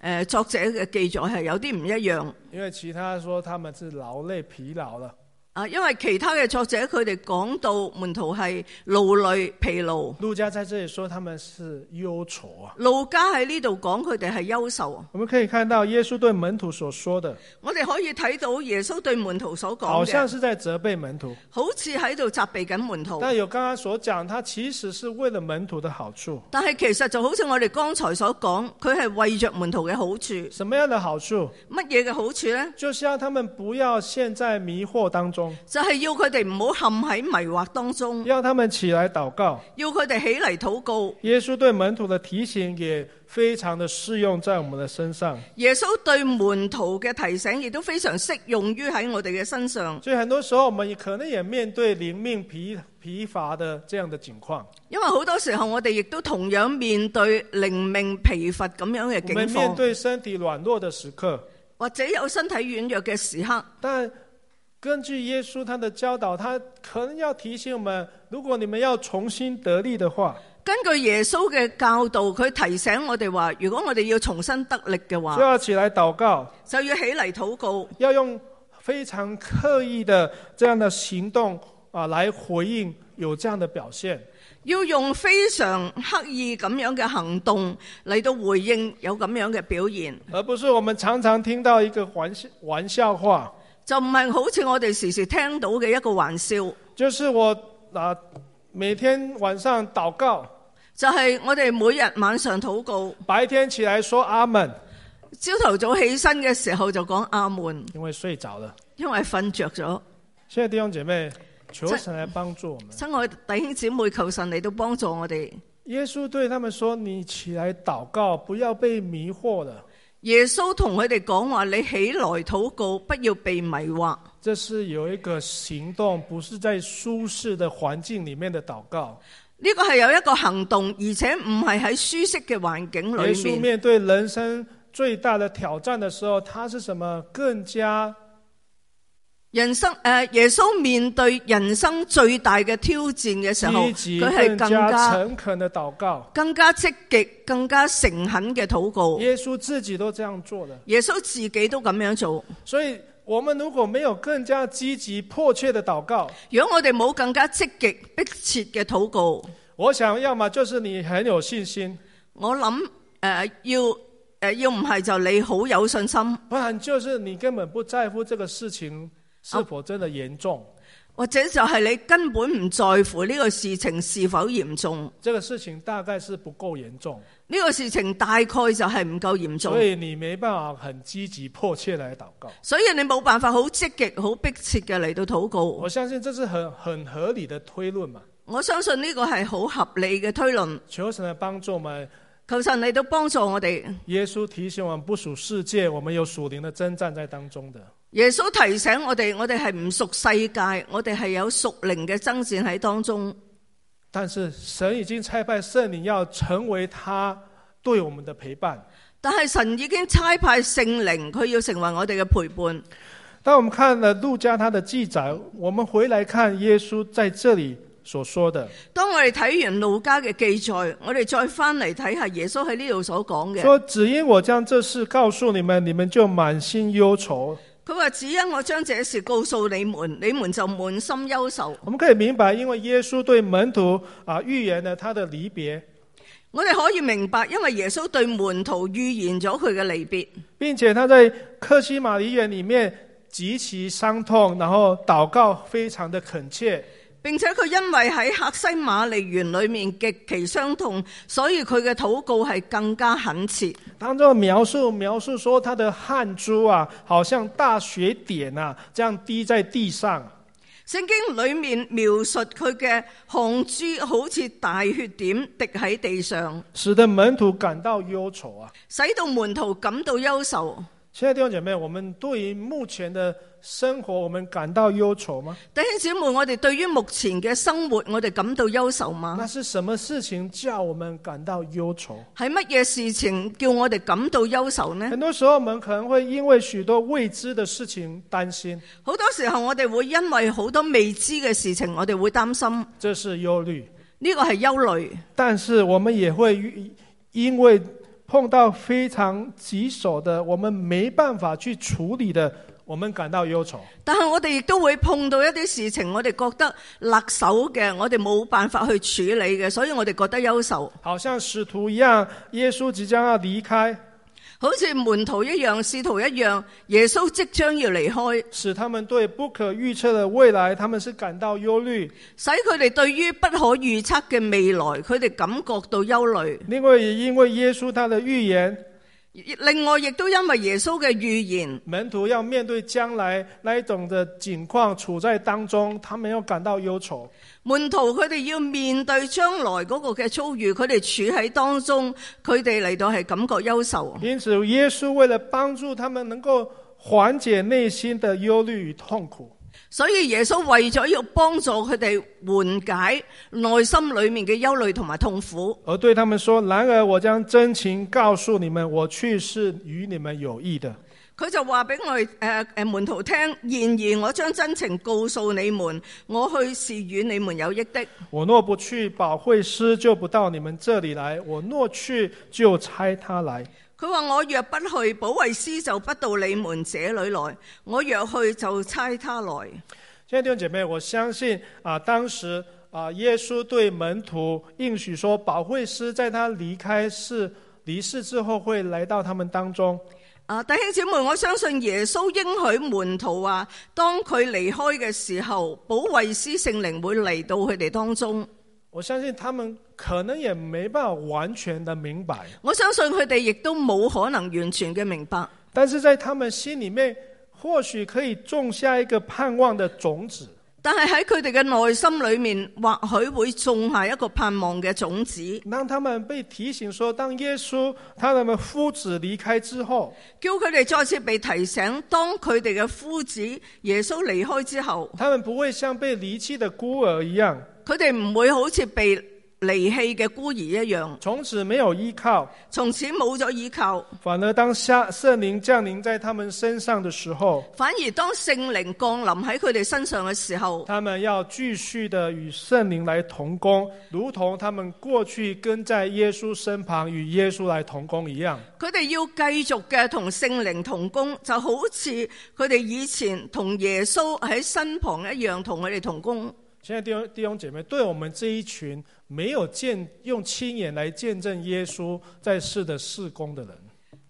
誒作者嘅記載係有啲唔一樣，因為其他說他們是勞累疲勞啦。啊，因為其他嘅作者佢哋講到門徒係勞累、疲勞。陸家在這裡說他們是憂愁啊。陸家喺呢度講佢哋係憂愁。我們可以看到耶穌對門徒所說的。我哋可以睇到耶穌對門徒所講，好像是在責備門徒。好似喺度責備緊門徒。但有剛剛所講，他其實是為了門徒的好處。但係其實就好似我哋剛才所講，佢係為着門徒嘅好處。什麼樣的好處？乜嘢嘅好處咧？就是讓他們不要陷在迷惑當中。就係、是、要佢哋唔好陷喺迷惑當中，要他們起來禱告，要佢哋起嚟禱告。耶穌對門徒的提醒也非常的適用在我們的身上。耶穌對門徒嘅提醒亦都非常適用於喺我哋嘅身上。所以很多時候，我們可能也面對靈命疲、疲乏的這樣的情況。因為好多時候，我哋亦都同樣面對靈命疲乏咁樣嘅境況。我們面對身體軟弱的時刻，或者有身體軟弱嘅時刻，但。根據耶穌他的教導，他可能要提醒我們：如果你們要重新得力的話，根據耶穌嘅教導，佢提醒我哋話，如果我哋要重新得力嘅話，就要起來禱告，就要起嚟禱告，要用非常刻意的這樣的行動啊，來回應有這樣的表現，要用非常刻意咁樣嘅行動嚟到回應有咁樣嘅表現，而不是我們常常聽到一個玩笑玩笑話。就唔係好似我哋時時聽到嘅一個玩笑。就是我嗱、啊，每天晚上禱告。就係、是、我哋每日晚上禱告。白天起來說阿門。朝頭早起身嘅時候就講阿門。因為睡着了。因為瞓着咗。親愛弟兄姐妹，求神嚟幫助我們。親愛弟兄姊妹，求神嚟到幫助我哋。耶穌對他們說：你起來禱告，不要被迷惑了。耶穌同佢哋講話：，你起來禱告，不要被迷惑。這是有一個行動，不是在舒適的環境裏面的禱告。呢、這個係有一個行動，而且唔係喺舒適嘅環境裏面。耶穌面對人生最大的挑戰的時候，他是什麼？更加。人生誒，耶穌面對人生最大嘅挑戰嘅時候，佢係更加，更加誠懇嘅禱告，更加積極、更加誠懇嘅禱告。耶穌自己都這樣做嘅，耶穌自己都咁樣做。所以，我們如果沒有更加積極迫切的禱告，如果我哋冇更加積極迫切嘅禱告，我想，要麼就是你很有信心。我諗誒、呃，要誒、呃，要唔係就你好有信心，不然就是你根本不在乎這個事情。是否真的嚴重？或者就是你根本唔在乎呢個事情是否嚴重？這個事情大概是不夠嚴重。呢、這個事情大概就係唔夠嚴重。所以你沒辦法很積極迫切嚟禱告。所以你冇辦法好積極好迫切嘅嚟到禱告。我相信這是很很合理的推論嘛。我相信呢個是好合理嘅推論。求神嘅幫助嘛。求神嚟都幫助我哋。耶穌提醒我們，不屬世界，我們有屬靈的爭戰在當中的。耶穌提醒我哋，我哋係唔屬世界，我哋係有屬靈嘅爭戰喺當中。但是神已經差派聖靈要成為他對我們的陪伴。但係神已經差派聖靈，佢要成為我哋嘅陪伴。當我們看了路加他的記載，我們回來看耶穌在這裏。所說的，當我哋睇完《路加》嘅記載，我哋再翻嚟睇下耶穌喺呢度所講嘅。說，只因我將這事告訴你們，你們就滿心憂愁。佢話只因我將這事告訴你們，你們就滿心憂愁。我們可以明白，因為耶穌對門徒啊預言了，他的離別。我哋可以明白，因為耶穌對門徒預言咗佢嘅離別，並且他在客西馬尼園裏面極其傷痛，然後禱告非常的懇切。並且佢因為喺客西馬尼園裏面極其傷痛，所以佢嘅禱告係更加懇切。當咗描述描述說，他的汗珠啊，好像大血點，啊，這樣滴在地上。聖經裏面描述佢嘅汗珠好似大血點滴喺地上，使得門徒感到憂愁啊，使到門徒感到憂愁。親愛的弟兄姐妹，我們對於目前的生活，我們感到憂愁嗎？弟兄姐妹，我哋對於目前嘅生活，我哋感到憂愁嗎？那是什麼事情叫我們感到憂愁？係乜嘢事情叫我哋感到憂愁呢？很多時候，我們可能會因為許多未知的事情擔心。好多時候，我哋會因為好多未知嘅事情，我哋會擔心。這是憂慮。呢個係憂慮，但是我們也會因為。碰到非常棘手的，我們沒辦法去處理的，我們感到憂愁。但係我哋亦都會碰到一啲事情，我哋覺得辣手嘅，我哋冇辦法去處理嘅，所以我哋覺得憂愁。好像使徒一樣，耶穌即將要離開。好似門徒一樣，師徒一樣，耶穌即將要離開，使他們對不可預測的未來，他們是感到憂慮。使佢哋對於不可預測嘅未來，佢哋感覺到憂慮。另外，也因為耶穌他的預言，另外亦都因為耶穌嘅預言，門徒要面對將來那一種的境況，處在當中，他們要感到憂愁。門徒佢哋要面對將來嗰個嘅遭遇，佢哋處喺當中，佢哋嚟到係感覺憂愁。因此，耶穌為了幫助他們，能夠緩解內心的憂慮與痛苦，所以耶穌為咗要幫助佢哋緩解內心裏面嘅憂慮同埋痛苦，而對他們說，然而，我將真情告訴你們，我去是與你們有益的。佢就話俾我誒誒、呃、門徒聽，然而我將真情告訴你們，我去是與你們有益的。我若不去，保惠師就不到你們這裏來；我若去，就差他來。佢話我若不去，保惠師就不到你們這裏來；我若去，就差他來。親愛的弟兄姐妹，我相信啊，當時啊，耶穌對門徒應許說，保惠師在他離開世離世之後，會來到他們當中。啊！弟兄姊妹，我相信耶穌應許門徒啊，當佢離開嘅時候，保惠師聖靈會嚟到佢哋當中。我相信他們可能也沒辦法完全的明白。我相信佢哋亦都冇可能完全嘅明白。但是在他們心裏面，或許可以種下一個盼望的種子。但係喺佢哋嘅內心裏面，或許會種下一個盼望嘅種子。當他們被提醒說，當耶穌，他們夫子離開之後，叫佢哋再次被提醒，當佢哋嘅夫子耶穌離開之後，他們不會像被離棄的孤兒一樣。佢哋唔會好似被離棄嘅孤兒一樣，從此沒有依靠，從此冇咗依靠。反而當下聖靈降臨在他們身上嘅時候，反而當聖靈降臨喺佢哋身上嘅時候，他們要繼續的與聖靈來同工，如同他們過去跟在耶穌身旁與耶穌來同工一樣。佢哋要繼續嘅同聖靈同工，就好似佢哋以前同耶穌喺身旁一樣，同佢哋同工。現在弟兄，弟兄姐妹，對我們這一群。沒有見用親眼來見證耶穌在世的事工的人。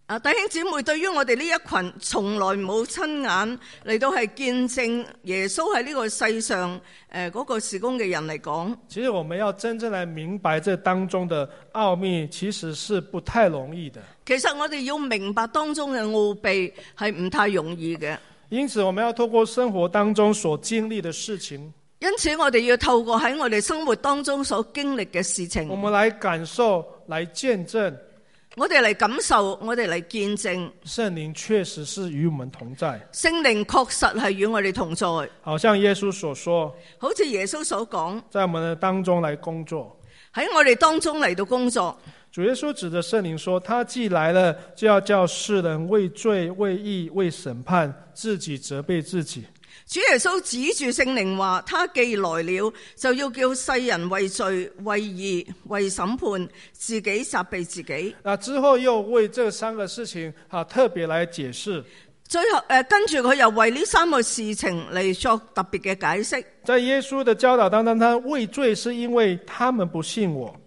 啊，弟兄姊妹，對於我哋呢一群從來冇親眼嚟到係見證耶穌喺呢個世上誒嗰個事工嘅人嚟講，其實我們要真正嚟明白這當中的奧秘，其實是不太容易的。其實我哋要明白當中嘅奧秘係唔太容易嘅。因此，我們要透過生活當中所經歷的事情。因此，我哋要透過喺我哋生活當中所經歷嘅事情，我們來感受、來見證。我哋嚟感受，我哋嚟見證。聖靈確實是與我們同在，聖靈確實係與我哋同在。好像耶穌所說，好似耶穌所講，在我們當中來工作，喺我哋當中嚟到工作。主耶穌指着聖靈說：他既來了，就要叫世人為罪、為義、為審判，自己責備自己。主耶穌指住聖靈話：他既來了，就要叫世人為罪、為義、為審判，自己責備自己。那之後又為這三個事情，特別來解釋。最後，誒、呃、跟住佢又為呢三個事情嚟作特別嘅解釋。在耶穌的教導當中，他為罪是因為他們不信我。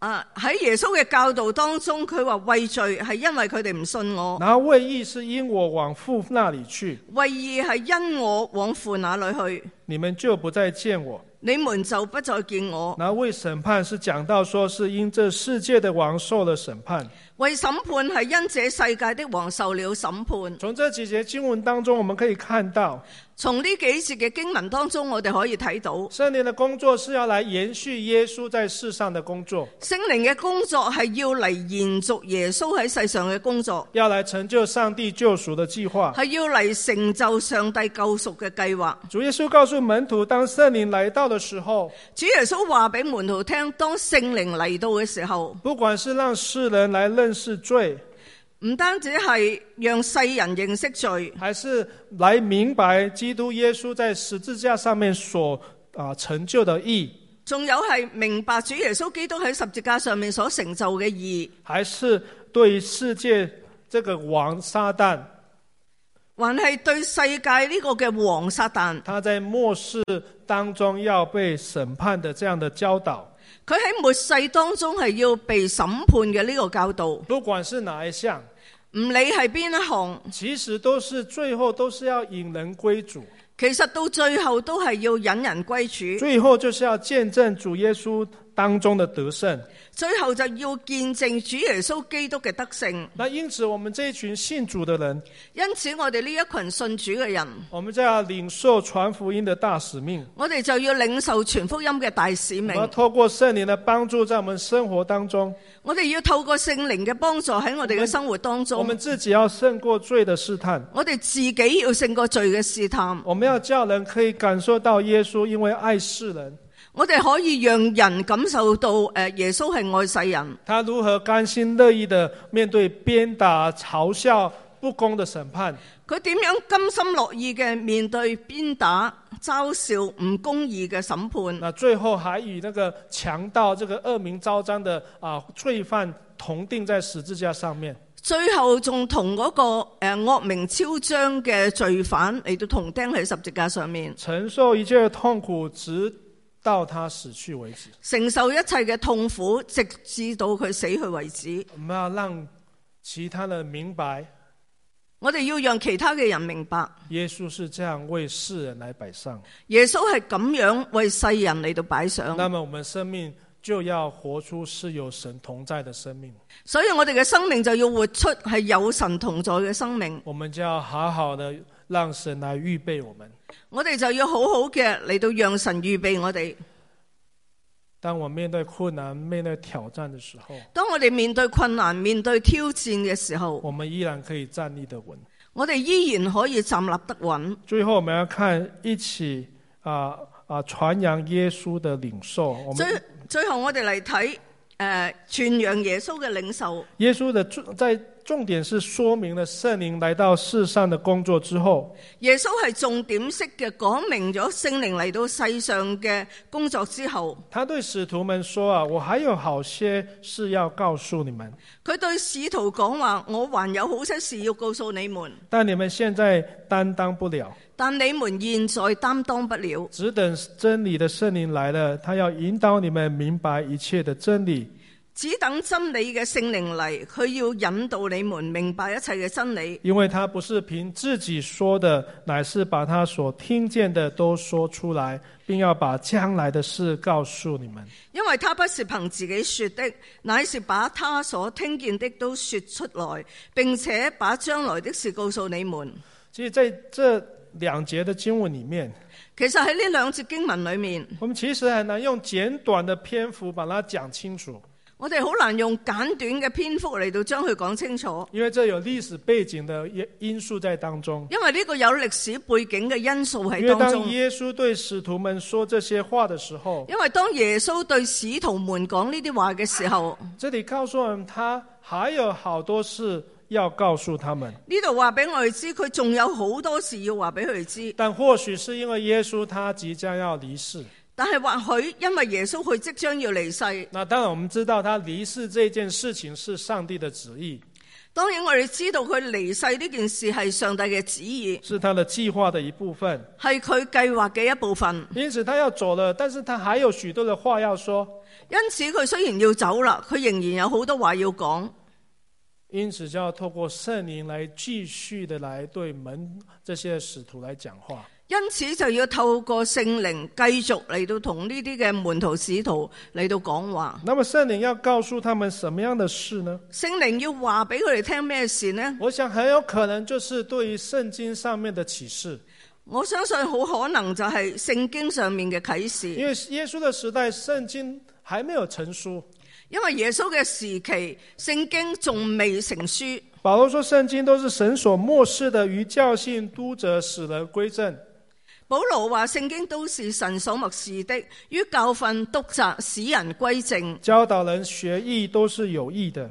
啊！喺耶穌嘅教導當中，佢話為罪係因為佢哋唔信我。那為義是因我往父那裏去。為義係因我往父那裏去。你們就不再見我。你們就不再見我。那為審判是講到說是因這世界的王受了審判。為審判係因這世界的王受了審判。從這幾節經文當中，我們可以看到，從呢幾節嘅經文當中，我哋可以睇到聖靈的工作是要來延續耶穌在世上的工作，聖靈嘅工作係要嚟延續耶穌喺世上嘅工作，要嚟成就上帝救贖嘅計劃，係要嚟成就上帝救贖嘅計劃。主耶穌告訴門徒，當聖靈嚟到嘅時候，主耶穌話俾門徒聽，當聖靈嚟到嘅時候，不管是讓世人來認識。認識罪，唔單止係讓世人認識罪，還是來明白基督耶穌在十字架上面所啊成就的意義。仲有係明白主耶穌基督喺十字架上面所成就嘅意義，還是對世界這個王撒旦。還係對世界呢個嘅王撒旦，他在末世當中要被審判的這樣的教導，佢喺末世當中係要被審判嘅呢個教導。不管是哪一項，唔理係邊一行，其實都是最後都是要引人歸主。其實到最後都係要引人歸主，最後就是要見證主耶穌。當中的得勝，最後就要見證主耶穌基督嘅得勝。那因此我們這一群信主的人，因此我哋呢一群信主嘅人，我們就要領受傳福音的大使命。我哋就要領受傳福音嘅大使命。我要透過聖靈嘅幫助，在我們生活當中，我哋要透過聖靈嘅幫助喺我哋嘅生活當中我。我們自己要勝過罪的試探，我哋自己要勝過罪嘅試探。我們要叫人可以感受到耶穌因為愛世人。我哋可以讓人感受到誒，耶穌係愛世人。他如何甘心樂意的面對鞭打、嘲笑、不公的審判？佢點樣甘心樂意嘅面對鞭打、嘲笑、唔公義嘅審判？那最後還與那個強盜、這個惡名昭彰的啊罪犯同釘在十字架上面。最後仲同嗰個誒惡名昭彰嘅罪犯嚟到同釘喺十字架上面。承受一切痛苦，只。到他死去為止，承受一切嘅痛苦，直至到佢死去為止。我們要讓其他人明白，我哋要讓其他嘅人明白，耶穌是這樣為世人來擺上。耶穌係咁樣為世人嚟到擺上。那麼我們生命就要活出是有神同在的生命。所以我哋嘅生命就要活出係有神同在嘅生命。我們就要好好的讓神來預備我們。我哋就要好好嘅嚟到讓神預備我哋。當我面對困難、面對挑戰嘅時候，當我哋面對困難、面對挑戰嘅時候，我們依然可以站立得穩。我哋依然可以站立得穩。最後我們要看一起啊啊、呃、傳揚耶穌的領袖。我們最最後我哋嚟睇誒傳揚耶穌嘅領袖。耶穌的在。重點是說明了聖靈來到世上的工作之後，耶穌係重點式嘅講明咗聖靈嚟到世上嘅工作之後。他對使徒們說啊，我還有好些事要告訴你們。佢對使徒講話，我還有好些事要告訴你們。但你們現在擔當不了。但你們現在擔當不了。只等真理的聖靈來了，他要引導你們明白一切的真理。只等真理嘅聖靈嚟，佢要引導你們明白一切嘅真理。因為他不是憑自己說的，乃是把他所聽見的都說出來，並要把將來的事告訴你們。因為他不是憑自己說的，乃是把他所聽見的都說出來，並且把將來的事告訴你們。所以在這兩節的經文裏面，其實喺呢兩節經文裏面，我們其實很難用簡短的篇幅把它講清楚。我哋好難用簡短嘅篇幅嚟到將佢講清楚，因為這有歷史背景嘅因素在當中。因為呢個有歷史背景嘅因素喺當中。因為當耶穌對使徒們說這些話嘅時候，因為當耶穌對使徒們講呢啲話嘅時候，這裏告訴我們，他還有好多事要告訴他們。呢度話俾我哋知，佢仲有好多事要話俾佢哋知。但或許是因為耶穌他即將要離世。但係或許因為耶穌佢即將要離世，那當然我們知道他離世這件事情是上帝的旨意。當然我哋知道佢離世呢件事係上帝嘅旨意，是他的計劃的一部分，係佢計劃嘅一部分。因此他要走了，但是他還有許多嘅話要說。因此佢雖然要走啦，佢仍然有好多話要講。因此就要透過聖靈來繼續的來對門這些使徒來講話。因此就要透過聖靈繼續嚟到同呢啲嘅門徒使徒嚟到講話。那麼聖靈要告訴他們什麼樣的事呢？聖靈要話俾佢哋聽咩事呢？我想很有可能就是對於聖經上面的啟示。我相信好可能就係聖經上面嘅啟示。因為耶穌的時代聖經還沒有成書。因為耶穌嘅時期聖經仲未成書。保羅說：聖經都是神所默示的，於教訓、督責、使人歸正。保羅話：聖經都是神所默示的，於教訓、督責、使人歸正，教導人學義都是有益的。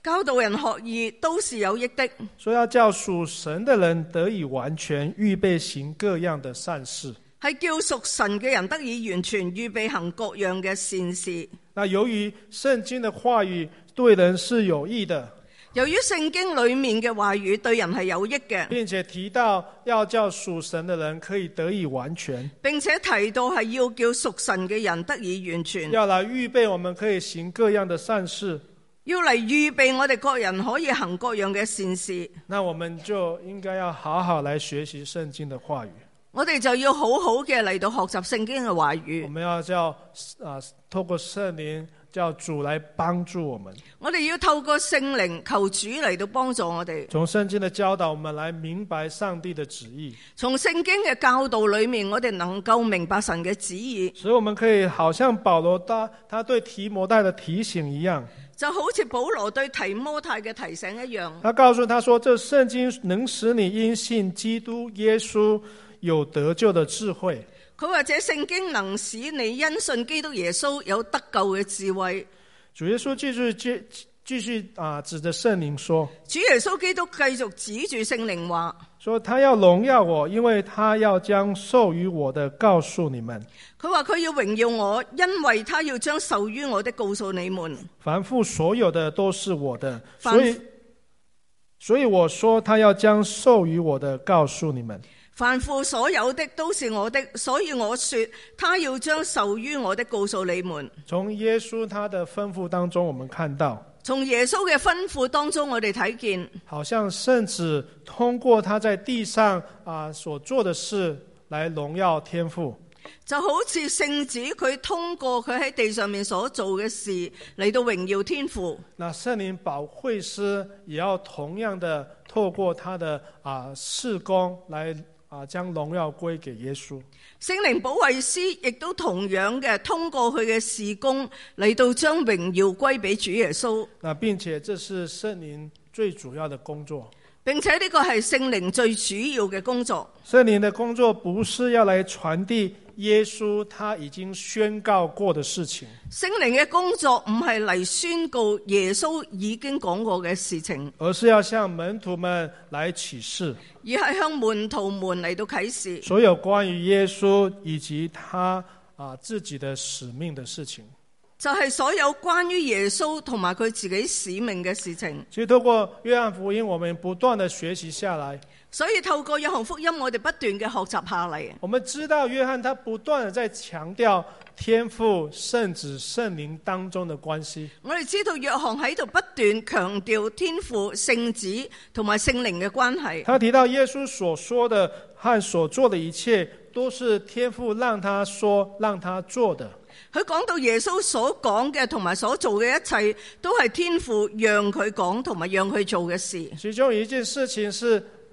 教導人學義都是有益的。所以要叫屬神的人得以完全，預備行各樣的善事，係叫屬神嘅人得以完全預備行各樣嘅善事。那由於聖經的話語對人是有益的。由於聖經裏面嘅話語對人係有益嘅，並且提到要叫屬神嘅人可以得以完全，並且提到係要叫屬神嘅人得以完全，要嚟預備我們可以行各樣嘅善事，要嚟預備我哋各人可以行各樣嘅善事。那我們就應該要好好嚟學習聖經嘅話語，我哋就要好好嘅嚟到學習聖經嘅話語。我們要叫啊，透過聖靈。叫主來幫助我們，我哋要透過聖靈求主嚟到幫助我哋。從聖經的教導，我們來明白上帝的旨意。從聖經嘅教導裏面，我哋能夠明白神嘅旨意。所以我們可以，好像保羅他他對提摩太的提醒一樣，就好似保羅對提摩太嘅提醒一樣。他告訴他說，這聖經能使你因信基督耶穌有得救的智慧。佢話：這聖經能使你因信基督耶穌有得救嘅智慧。主耶穌繼續繼續啊，指着聖靈說：主耶穌基督繼續指住聖靈話：說他要榮耀我，因為他要將授予我的告訴你們。佢話佢要榮耀我，因為他要將授予我的告訴你們。凡父所有的都是我的，所以所以我說他要將授予我的告訴你們。凡父所有的都是我的，所以我說他要將受於我的告訴你們。從耶穌他的吩咐當中，我們看到從耶穌嘅吩咐當中，我哋睇見，好像聖子通過他在地上啊所做的事來榮耀天父，就好似聖子佢通過佢喺地上面所做嘅事嚟到榮耀天父。那聖靈保惠師也要同樣的透過他的啊事工來。啊，將榮耀歸給耶穌。聖靈保惠師亦都同樣嘅，通過佢嘅事工嚟到將榮耀歸俾主耶穌。啊，並且這是聖靈最主要嘅工作，並且呢個係聖靈最主要嘅工作。聖靈嘅工作不是要嚟傳遞。耶穌他已經宣告過的事情。聖靈嘅工作唔係嚟宣告耶穌已經講過嘅事情，而是要向門徒們嚟啟示。而係向門徒們嚟到啟示所有關於耶穌以及他啊自己的使命的事情。就係、是、所有關於耶穌同埋佢自己使命嘅事情。所以透過約翰福音，我們不斷的學習下來。所以透過約翰福音，我哋不斷嘅學習下嚟。我們知道約翰他不斷地在強調天父、聖子、聖靈當中的關係。我哋知道約翰喺度不斷強調天父、聖子同埋聖靈嘅關係。他提到耶穌所說的和所做的一切，都是天父讓他說、讓他做的。佢講到耶穌所講嘅同埋所做嘅一切都係天父讓佢講同埋讓佢做嘅事。其中一件事情是。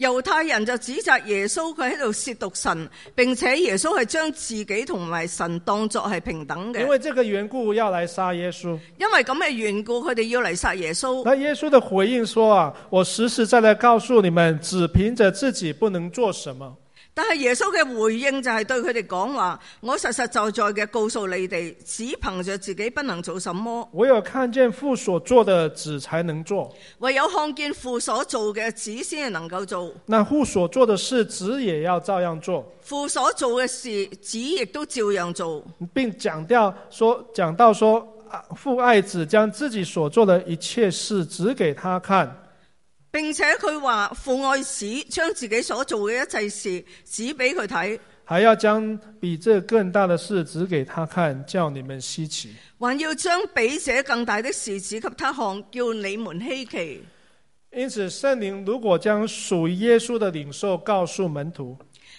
猶太人就指責耶穌佢喺度褻瀆神，並且耶穌係將自己同埋神當作係平等嘅。因為這個緣故，要來殺耶穌。因為咁嘅緣故，佢哋要嚟殺耶穌。那耶穌的回應說啊，我實實在在告訴你們，只憑着自己不能做什麼。但係耶穌嘅回應就係對佢哋講話：我實實在在嘅告訴你哋，只憑着自己不能做什麼。唯有看見父所做的，子才能做；唯有看見父所做嘅，子先係能夠做。那父所做的事，子也要照樣做。父所做嘅事，子亦都照樣做。並講掉說，講到說，父愛子，將自己所做的一切事指給他看。並且佢話父愛子將自己所做嘅一切事指俾佢睇，還要將比這更大的事指給他看，叫你們稀奇；還要將比這更大的事指給他看，叫你們稀奇。因此，聖靈如果將屬於耶穌的領受告訴門徒，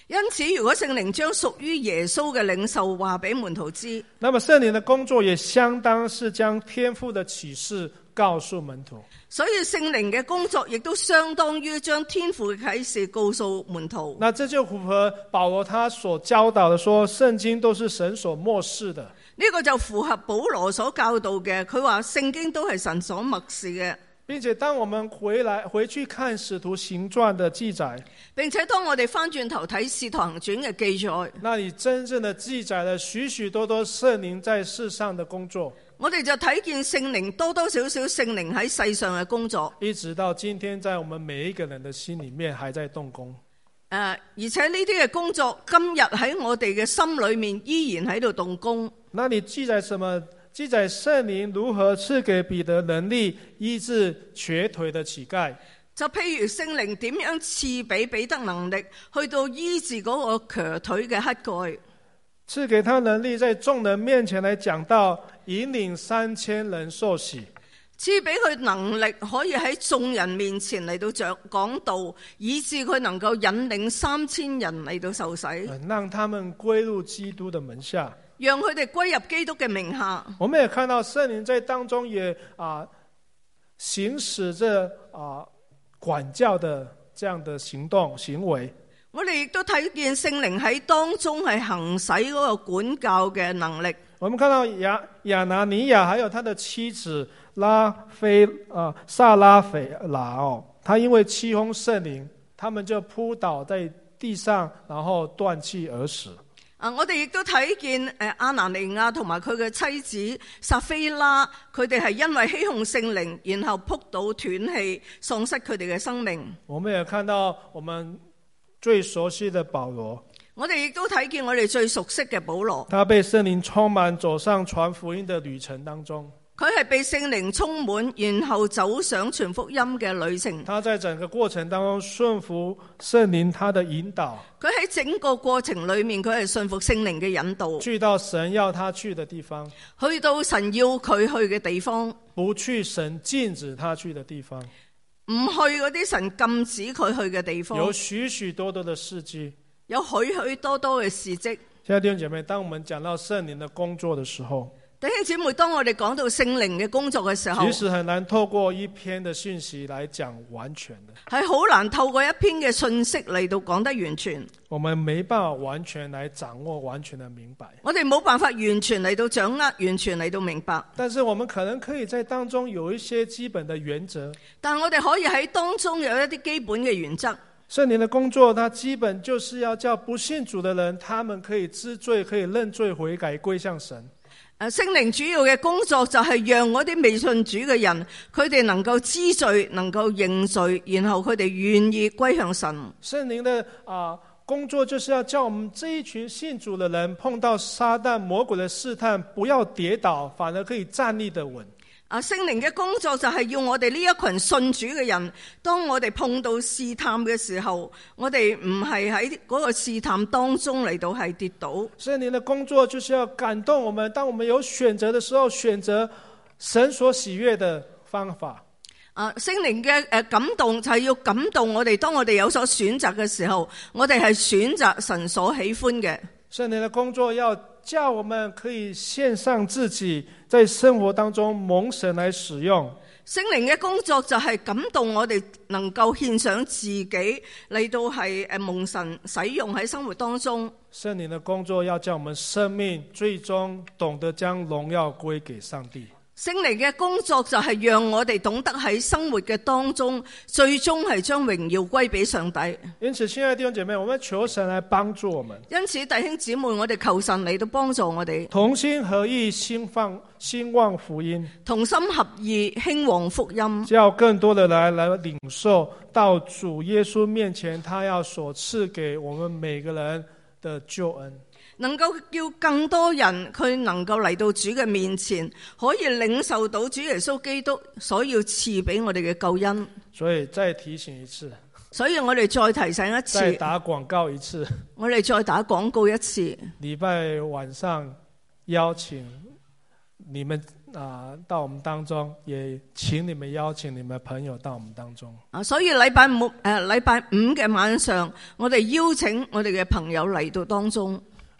因此如果聖靈將屬於耶穌嘅領受話俾門徒知，那麼聖靈的工作也相當是將天父的啟示。告訴門徒，所以聖靈嘅工作亦都相當於將天父嘅啟示告訴門徒。那這就符合保羅他所教導的，說聖經都是神所默示的。呢、這個就符合保羅所教導嘅，佢話聖經都係神所默示嘅。並且當我們回來回去看使徒行傳的記載，並且當我哋翻轉頭睇使徒行傳嘅記載，那裏真正的記載了許許多多聖靈在世上的工作。我哋就睇見聖靈多多少少聖靈喺世上嘅工作，一直到今天，在我們每一個人的心裏面，還在動工。而且呢啲嘅工作，今日喺我哋嘅心裏面，依然喺度動工。那你記載什麼？記載聖靈如何賜給彼得能力醫治瘸腿的乞丐？就譬如聖靈點樣賜俾彼、彼得能力去到醫治嗰個瘸腿嘅乞丐？賜給他能力，在眾人面前來講道，引領三千人受洗。賜畀佢能力，可以喺眾人面前嚟到講道，以致佢能夠引領三千人嚟到受洗。讓他們歸入基督的門下，讓佢哋歸入基督嘅名下。我們也看到聖靈在當中也啊，行使着啊管教的這樣的行動行為。我哋亦都睇見聖靈喺當中係行使嗰個管教嘅能力。我們看到亞亞拿尼亞還有他的妻子拉菲啊薩拉菲娜，奧，他因為欺哄聖靈，他們就撲倒在地上，然後斷氣而死。啊，我哋亦都睇見誒，亞拿尼亞同埋佢嘅妻子撒菲拉，佢哋係因為欺哄聖靈，然後撲倒斷氣，喪失佢哋嘅生命。我們也看到我們，最熟悉的保羅，我哋亦都睇見我哋最熟悉嘅保羅。他被聖靈充滿，走上傳福音嘅旅程當中。佢係被聖靈充滿，然後走上傳福音嘅旅程。他在整個過程當中順服聖靈，他的引導。佢喺整個過程裏面，佢係信服聖靈嘅引導。去到神要他去嘅地方，去到神要佢去嘅地方，不去神禁止他去的地方。唔去嗰啲神禁止佢去嘅地方。有許許多多嘅事跡，有許許多多嘅事跡。親愛的弟兄姐妹，當我們講到聖靈的工作嘅時候。弟兄姊妹，當我哋講到聖靈嘅工作嘅時候，其實很難透過一篇的訊息來講完全的，係好難透過一篇嘅信息嚟到講得完全。我們沒辦法完全嚟掌握，完全的明白。我哋冇辦法完全嚟到掌握，完全嚟到明白。但是我們可能可以在當中有一些基本的原則。但我哋可以喺當中有一啲基本嘅原則。聖靈的工作，它基本就是要叫不信主的人，他們可以知罪，可以認罪悔改，歸向神。啊、聖靈主要嘅工作就係讓嗰啲未信主嘅人，佢哋能夠知罪，能夠認罪，然後佢哋願意歸向神。聖靈的啊、呃、工作就是要叫我們這一群信主嘅人，碰到撒旦魔鬼嘅試探，不要跌倒，反而可以站立得穩。啊，聖靈嘅工作就係要我哋呢一群信主嘅人，當我哋碰到試探嘅時候，我哋唔係喺嗰個試探當中嚟到係跌倒。聖靈嘅工作就是要感動我們，當我們有選擇嘅時候，選擇神所喜悅的方法。啊，聖靈嘅誒感動就係要感動我哋，當我哋有所選擇嘅時候，我哋係選擇神所喜歡嘅。聖靈嘅工作要。叫我們可以獻上自己，在生活當中蒙神來使用。聖靈嘅工作就係感動我哋能夠獻上自己嚟到係誒蒙神使用喺生活當中。聖靈嘅工作要叫我們生命最終懂得將榮耀歸給上帝。聖靈嘅工作就係讓我哋懂得喺生活嘅當中，最終係將榮耀歸俾上帝。因此，親愛的弟兄姊妹，我們求神來幫助我們。因此，弟兄姊妹，我哋求神嚟到幫助我哋。同心合意興放興旺福音，同心合意興旺福音，叫更多嘅人嚟領受到主耶穌面前，他要所賜給我們每個人嘅救恩。能夠叫更多人佢能夠嚟到主嘅面前，可以領受到主耶穌基督所要賜俾我哋嘅救恩。所以再提醒一次，所以我哋再提醒一次，再打廣告一次，我哋再打廣告一次。禮拜晚上邀請你們啊到我們當中，也請你們邀請你們朋友到我們當中啊。所以禮拜五誒、呃、禮拜五嘅晚上，我哋邀請我哋嘅朋友嚟到當中。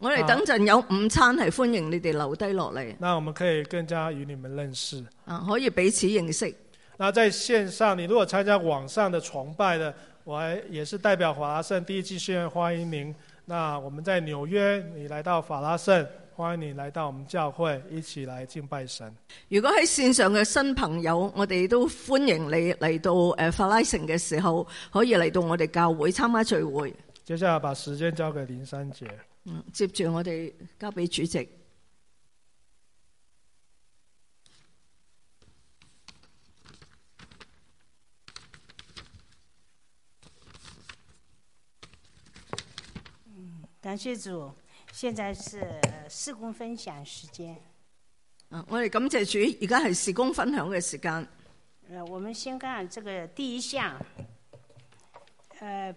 我哋等陣有午餐，係、啊、歡迎你哋留低落嚟。那我們可以更加與你們認識。啊，可以彼此認識。那在線上，你如果參加網上的崇拜呢？我還也是代表法拉盛第一次宣歡迎您。那我們在紐約，你來到法拉盛，歡迎你來到我們教會，一起來敬拜神。如果喺線上嘅新朋友，我哋都歡迎你嚟到誒法拉盛嘅時候，可以嚟到我哋教會參加聚會。接下來把時間交給林三姐。嗯、接住我哋交俾主席，嗯。感謝主，現在是事，呃、工分享時間。嗯、我哋感謝主，而家係事工分享嘅時間，呃。我們先講這個第一項。誒、呃。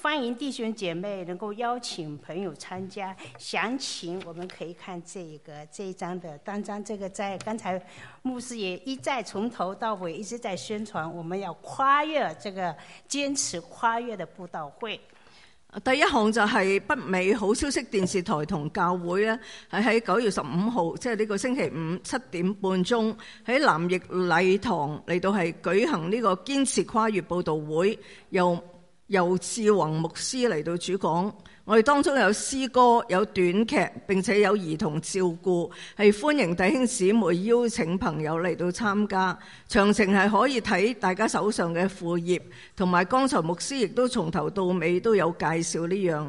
歡迎弟兄姐妹能夠邀請朋友參加，詳情我們可以看這個、這一個這張的單張。剛剛這個在剛才牧師也一再從頭到尾一直在宣傳，我們要跨越這個堅持跨越的布道會。第一項就係北美好消息電視台同教會咧，係喺九月十五號，即係呢個星期五七點半鐘喺南翼禮堂嚟到係舉行呢個堅持跨越布道會，又。由志宏牧師嚟到主講，我哋當中有詩歌、有短劇，並且有兒童照顧，係歡迎弟兄姊妹邀請朋友嚟到參加。詳情係可以睇大家手上嘅副頁，同埋剛才牧師亦都從頭到尾都有介紹呢樣。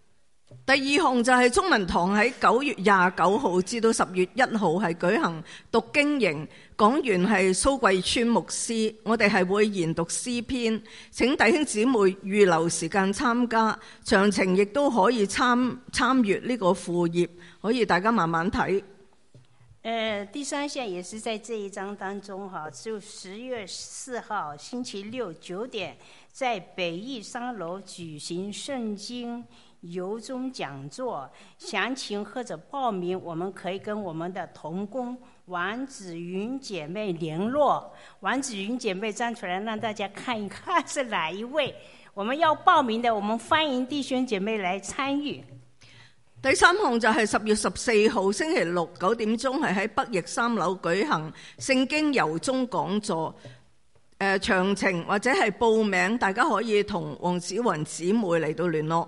第二項就係中文堂喺九月廿九號至到十月一號係舉行讀經營，講員係蘇桂川牧師，我哋係會研讀詩篇，請弟兄姊妹預留時間參加，詳情亦都可以參參閱呢個副頁，可以大家慢慢睇。誒、呃，第三項也是在這一章當中嚇，就十月四號星期六九點在北翼三樓舉行聖經由中講座詳情或者報名，我們可以跟我們的同工王子云姐妹聯絡。王子云姐妹站出來，讓大家看一看是哪一位。我們要報名的，我們歡迎弟兄姐妹來參與。第三項就係十月十四號星期六九點鐘，係喺北翼三樓舉行聖經由中講座。誒、呃，詳情或者係報名，大家可以同王子云姊妹嚟到聯絡。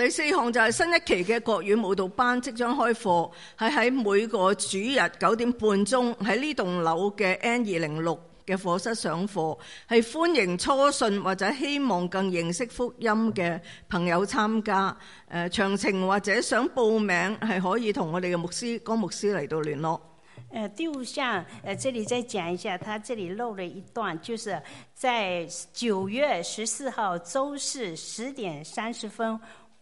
第四項就係新一期嘅國語舞蹈班即將開課，係喺每個主日九點半鐘喺呢棟樓嘅 N 二零六嘅課室上課，係歡迎初信或者希望更認識福音嘅朋友參加。誒、呃，詳情或者想報名係可以同我哋嘅牧師江牧師嚟到聯絡。誒、呃，第五項誒、呃，這裡再講一下，他這裡漏了一段，就是在九月十四號周四十點三十分。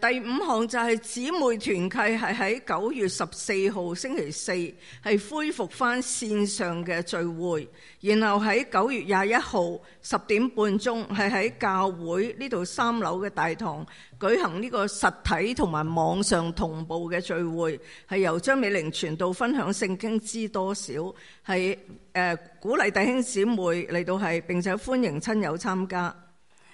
第五項就係姊妹團契，係喺九月十四號星期四係恢復返線上嘅聚會，然後喺九月廿一號十點半鐘係喺教會呢度三樓嘅大堂舉行呢個實體同埋網上同步嘅聚會，係由張美玲傳道分享聖經知多少，係鼓勵弟兄姊妹嚟到係並且歡迎親友參加。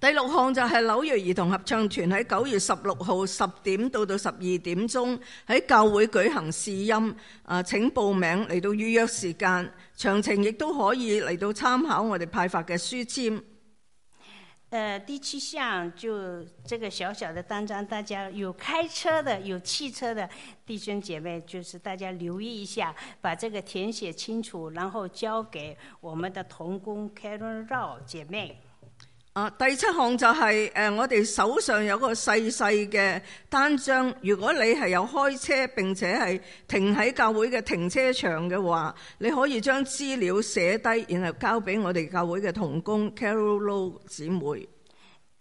第六項就係紐約兒童合唱團，喺九月十六號十點到到十二點鐘，喺教會舉行試音，啊、呃、請報名嚟到預約時間，詳情亦都可以嚟到參考我哋派發嘅書籤、呃。第七項就這個小小的單張，大家有開車的、有汽車的弟兄姐妹，就是大家留意一下，把這個填寫清楚，然後交給我們的同工 Karen Rao 姐妹。第七項就係誒我哋手上有個細細嘅單張。如果你係有開車並且係停喺教會嘅停車場嘅話，你可以將資料寫低，然後交俾我哋教會嘅同工 Carol Lo 姊妹。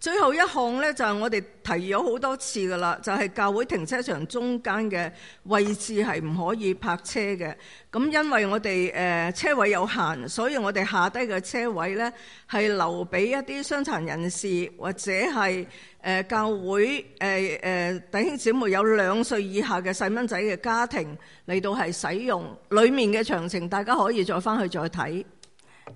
最後一項呢，就係、是、我哋提咗好多次㗎喇，就係、是、教會停車場中間嘅位置係唔可以泊車嘅。咁因為我哋誒、呃、車位有限，所以我哋下低嘅車位呢係留畀一啲傷殘人士或者係誒、呃、教會誒弟、呃呃、兄姊妹有兩歲以下嘅細蚊仔嘅家庭嚟到係使用。裏面嘅詳情，大家可以再返去再睇。